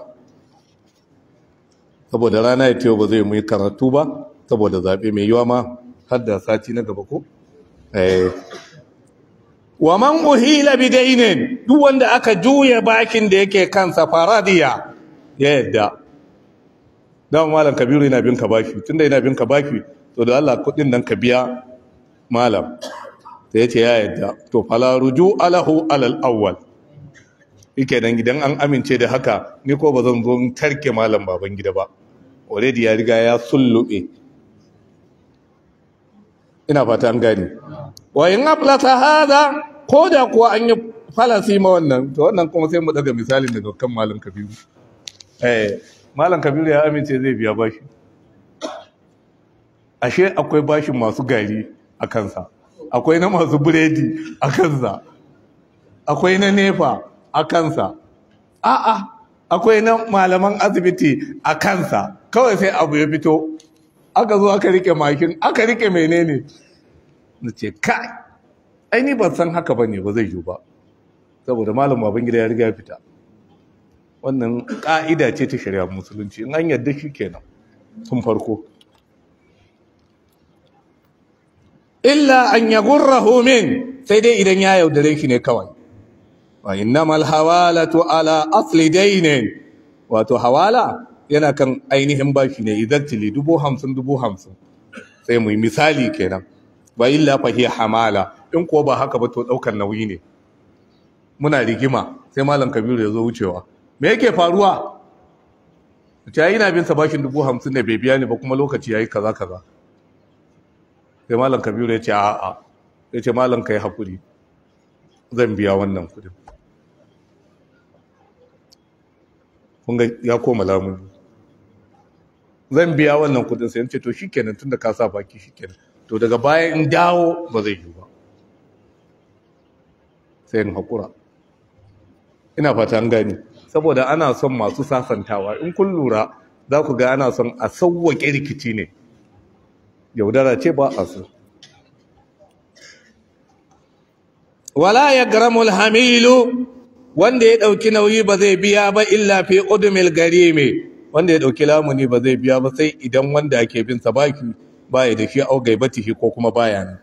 saboda rana ya tewa ba zai mu yi karatu ba saboda zaɓe mai yiwa ma har da sati na gaba ko? Eh. wa man uhila ne duk wanda aka juya bakin da yake kansa faradiya ya yadda dama malam kabiru yana bin ka baki tunda yana bin baki to da Allah kudin nan ka biya malam sai yace ya yadda to fala ruju alahu alal awwal yake dan gidan an amince da haka ni ko bazan zo tarke malam baban gida ba already ya riga ya sullube ina fata an gani wa in aflata hada ko da kuwa an yi falasi ma wannan to wannan kuma sai mu daga misalin daga kan malam kabiru eh malam kabiru ya amince zai biya bashi ashe akwai bashin masu gari a kansa akwai na masu buredi a kansa akwai na nefa a kansa a'a akwai na malaman asibiti a kansa kawai sai abu ya fito aka zo aka rike makin aka rike menene na ce kai Aini ni ban san haka bane ba zai yiwu ba saboda malam babangida ya riga ya fita wannan ƙa'ida ce ta shari'a musulunci in an yarda shi kenan tun farko illa an yagurrahu min sai dai idan ya yaudare shi ne kawai wa innamal hawalatu ala asli ne, wato hawala yana kan ainihin bashi ne exactly dubu hamsin dubu hamsin sai mu misali kenan wa illa fa hamala in kuwa ba haka ba to ɗaukar nauyi ne muna rigima sai malam kabiru ya zo wucewa me yake faruwa ta yi na bin bashin dubu hamsin ne bai biya ne ba kuma lokaci ya yi kaza kaza sai malam kabiru ya ce a'a ya ce malam ka yi haƙuri zan biya wannan kudin kunga ya koma lamuni zan biya wannan kudin sai ce to shikenan tunda ka sa baki shikenan to daga baya in dawo ba zai yi ba sai in haƙura ina fata an gani saboda ana son masu sasantawa in kun lura za ku ga ana son a sauwaƙe rikici ne yaudara ce ba a so wala ya garamul hamilu wanda ya ɗauki nauyi ba zai biya ba illa fi ƙudumil gari mai wanda ya ɗauki lamuni ba zai biya ba sai idan wanda ake bin sa baki baya da shi au batihi ko kuma baya nan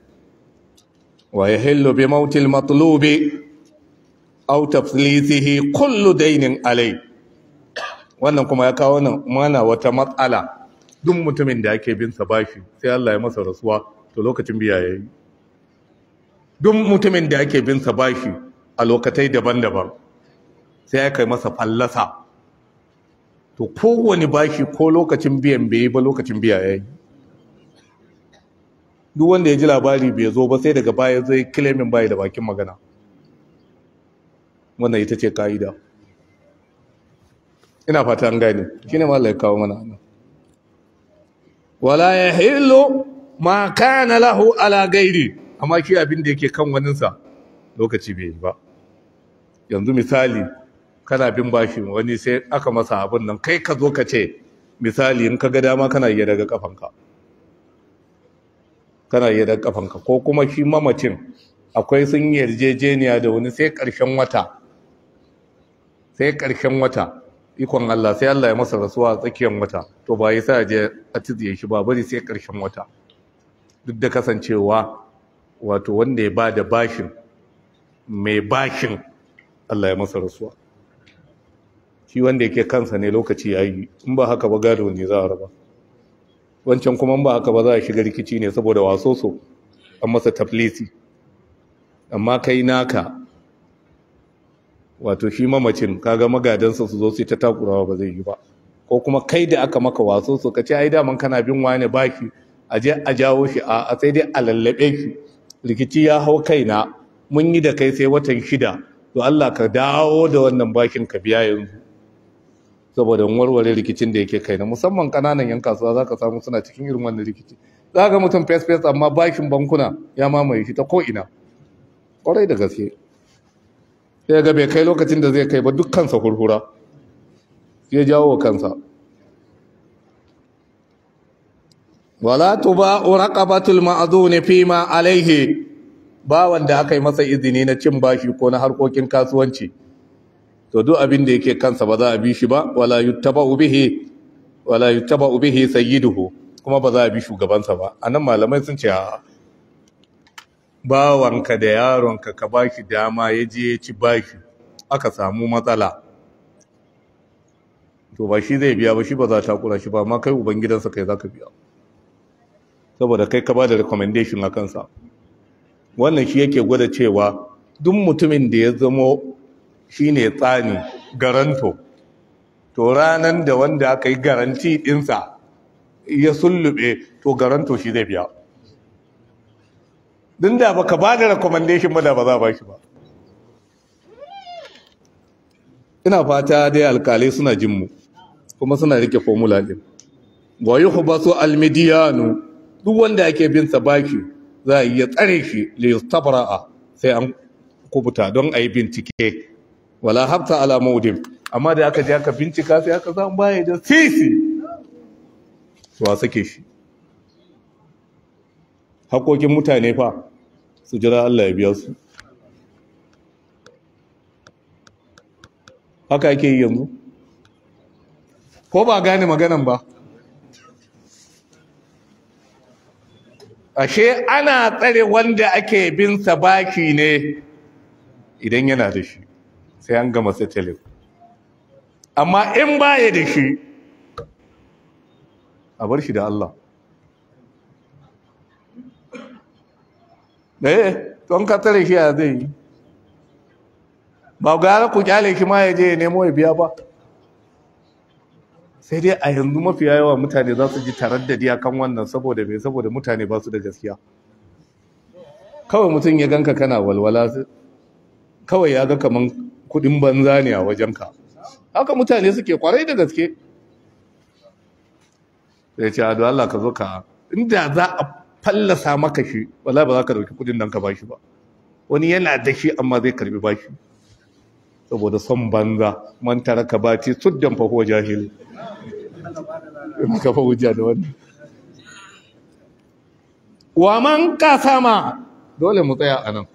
wa yahillu bi mautil matlubi aw taflitihi kullu dainin alai wannan kuma ya kawo nan mana wata matsala duk mutumin da ake bin sa bashi sai Allah ya masa rasuwa to lokacin biya yayi duk mutumin da ake bin sa bashi a lokatai daban-daban sai ya kai masa fallasa to kowane bashi ko lokacin biyan bai ba lokacin biya yayi duk wanda ya ji labari bai zo ba sai daga baya zai kilemin bai da bakin magana wannan ita ce ka'ida ina fata an gane shi ne kawo mana nan wala ya yahillu ma kana lahu ala gairi amma shi abin da yake kan waninsa lokaci bai ba yanzu misali kana bin bashi wani sai aka masa abin nan kai ka zo ka ce misali in ka ga dama kana iya daga kafanka kana iya da kafanka ko kuma shi mamacin akwai sun yarjejeniya da wani sai ƙarshen wata sai ƙarshen wata ikon Allah sai Allah ya masa rasuwa a tsakiyar wata to ba yi sa je a tiziye shi ba bari sai ƙarshen wata duk da kasancewa wato wanda ya ba da bashin mai bashin Allah ya masa rasuwa shi wanda yake kansa ne lokaci ya yi in ba haka ba gado ne za a raba wancan kuma ba haka ba za a shiga rikici ne saboda waso so an masa taflisi amma kai naka wato shi mamacin ga magadansa su zo su ta takurawa ba zai yi ba ko kuma kai da aka maka waso so ka ce ai daman kana bin wani baki a je a jawo shi a sai dai a lallabe shi rikici ya hau kaina mun yi da kai sai watan shida to Allah ka dawo da wannan bakin ka biya yanzu saboda warware rikicin da yake kai na musamman kananan yan kasuwa za ka samu suna cikin irin wannan rikici za ga mutum fes fes amma bakin bankuna ya mamaye shi ta ina. kwarai da gaske sai ga bai kai lokacin da zai kai ba dukkansa hurhura ya jawo wa kansa wala tuba raqabatul ma'dhun fi ma alayhi ba wanda aka yi masa izini na cin bashi ko na harkokin kasuwanci to duk abin da yake kansa ba za a bi shi ba wala yuttaba'u bihi wala yuttaba'u bihi sayyiduhu kuma ba za a bi shugabansa ba anan malamai sun ce a bawanka da yaronka ka bashi dama ya je ya ci bashi aka samu matsala to ba shi zai biya ba shi ba za ta kula shi ba ma kai ubangidansa kai za ka biya saboda kai ka ba da recommendation a kansa wannan shi yake gwada cewa duk mutumin da ya zamo shine tsani garanto to ranan da wanda aka yi garanti dinsa ya sullube to garanto shi zai biya din da baka ba da recommendation ba da ba za ba shi ba ina fata dai alkalai suna jin mu kuma suna rike formula din wa su almidiyanu duk wanda ake bin sa baki za a iya tsare shi li sai an kubuta don a yi bincike wala hafta ala maudin amma da aka je aka bincika sai aka zan baya da sisi wa sake shi hakokin mutane fa su jira Allah ya biya su haka yake yi yanzu ko ba gane maganan ba ashe ana tsare wanda ake bin sa baki ne idan yana da shi sai an gama settling amma in baya da shi a bar shi da Allah eh don ka tare shi a zai yi ba gara ku kyale shi ma ya je ya nemo ya biya ba sai dai a yanzu mafi yawa mutane za su ji taraddadi a kan wannan saboda mai saboda mutane ba su da gaskiya kawai mutum ya ganka kana walwala kawai ya ga kaman kudin banza ne a wajenka haka mutane suke kwarai da gaske sai ce adu Allah ka zo ka inda za a fallasa maka shi wala ba za ka dauki kudin nan ka bashi ba wani yana da shi amma zai karbi bashi saboda son banza man taraka su suddan fa huwa jahil muka fa da wannan wa man sama dole mu tsaya anan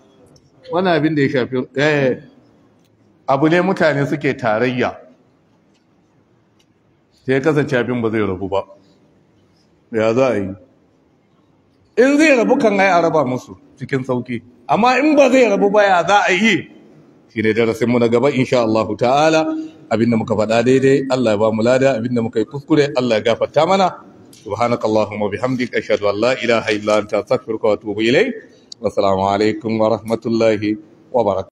wannan abin da ya shafi eh abu ne mutane suke tarayya sai kasance abin ba zai rabu ba ya za a yi in zai rabu kan ai a raba musu cikin sauki amma in ba zai rabu ba ya za a yi shi ne darasinmu na gaba insha Allah ta'ala abinda muka faɗa daidai Allah ya ba mu lada abinda muka yi kuskure Allah ya gafarta mana subhanakallahumma bihamdika ashhadu an la ilaha illa anta astaghfiruka wa atubu ilayk wa assalamu alaikum wa rahmatullahi wa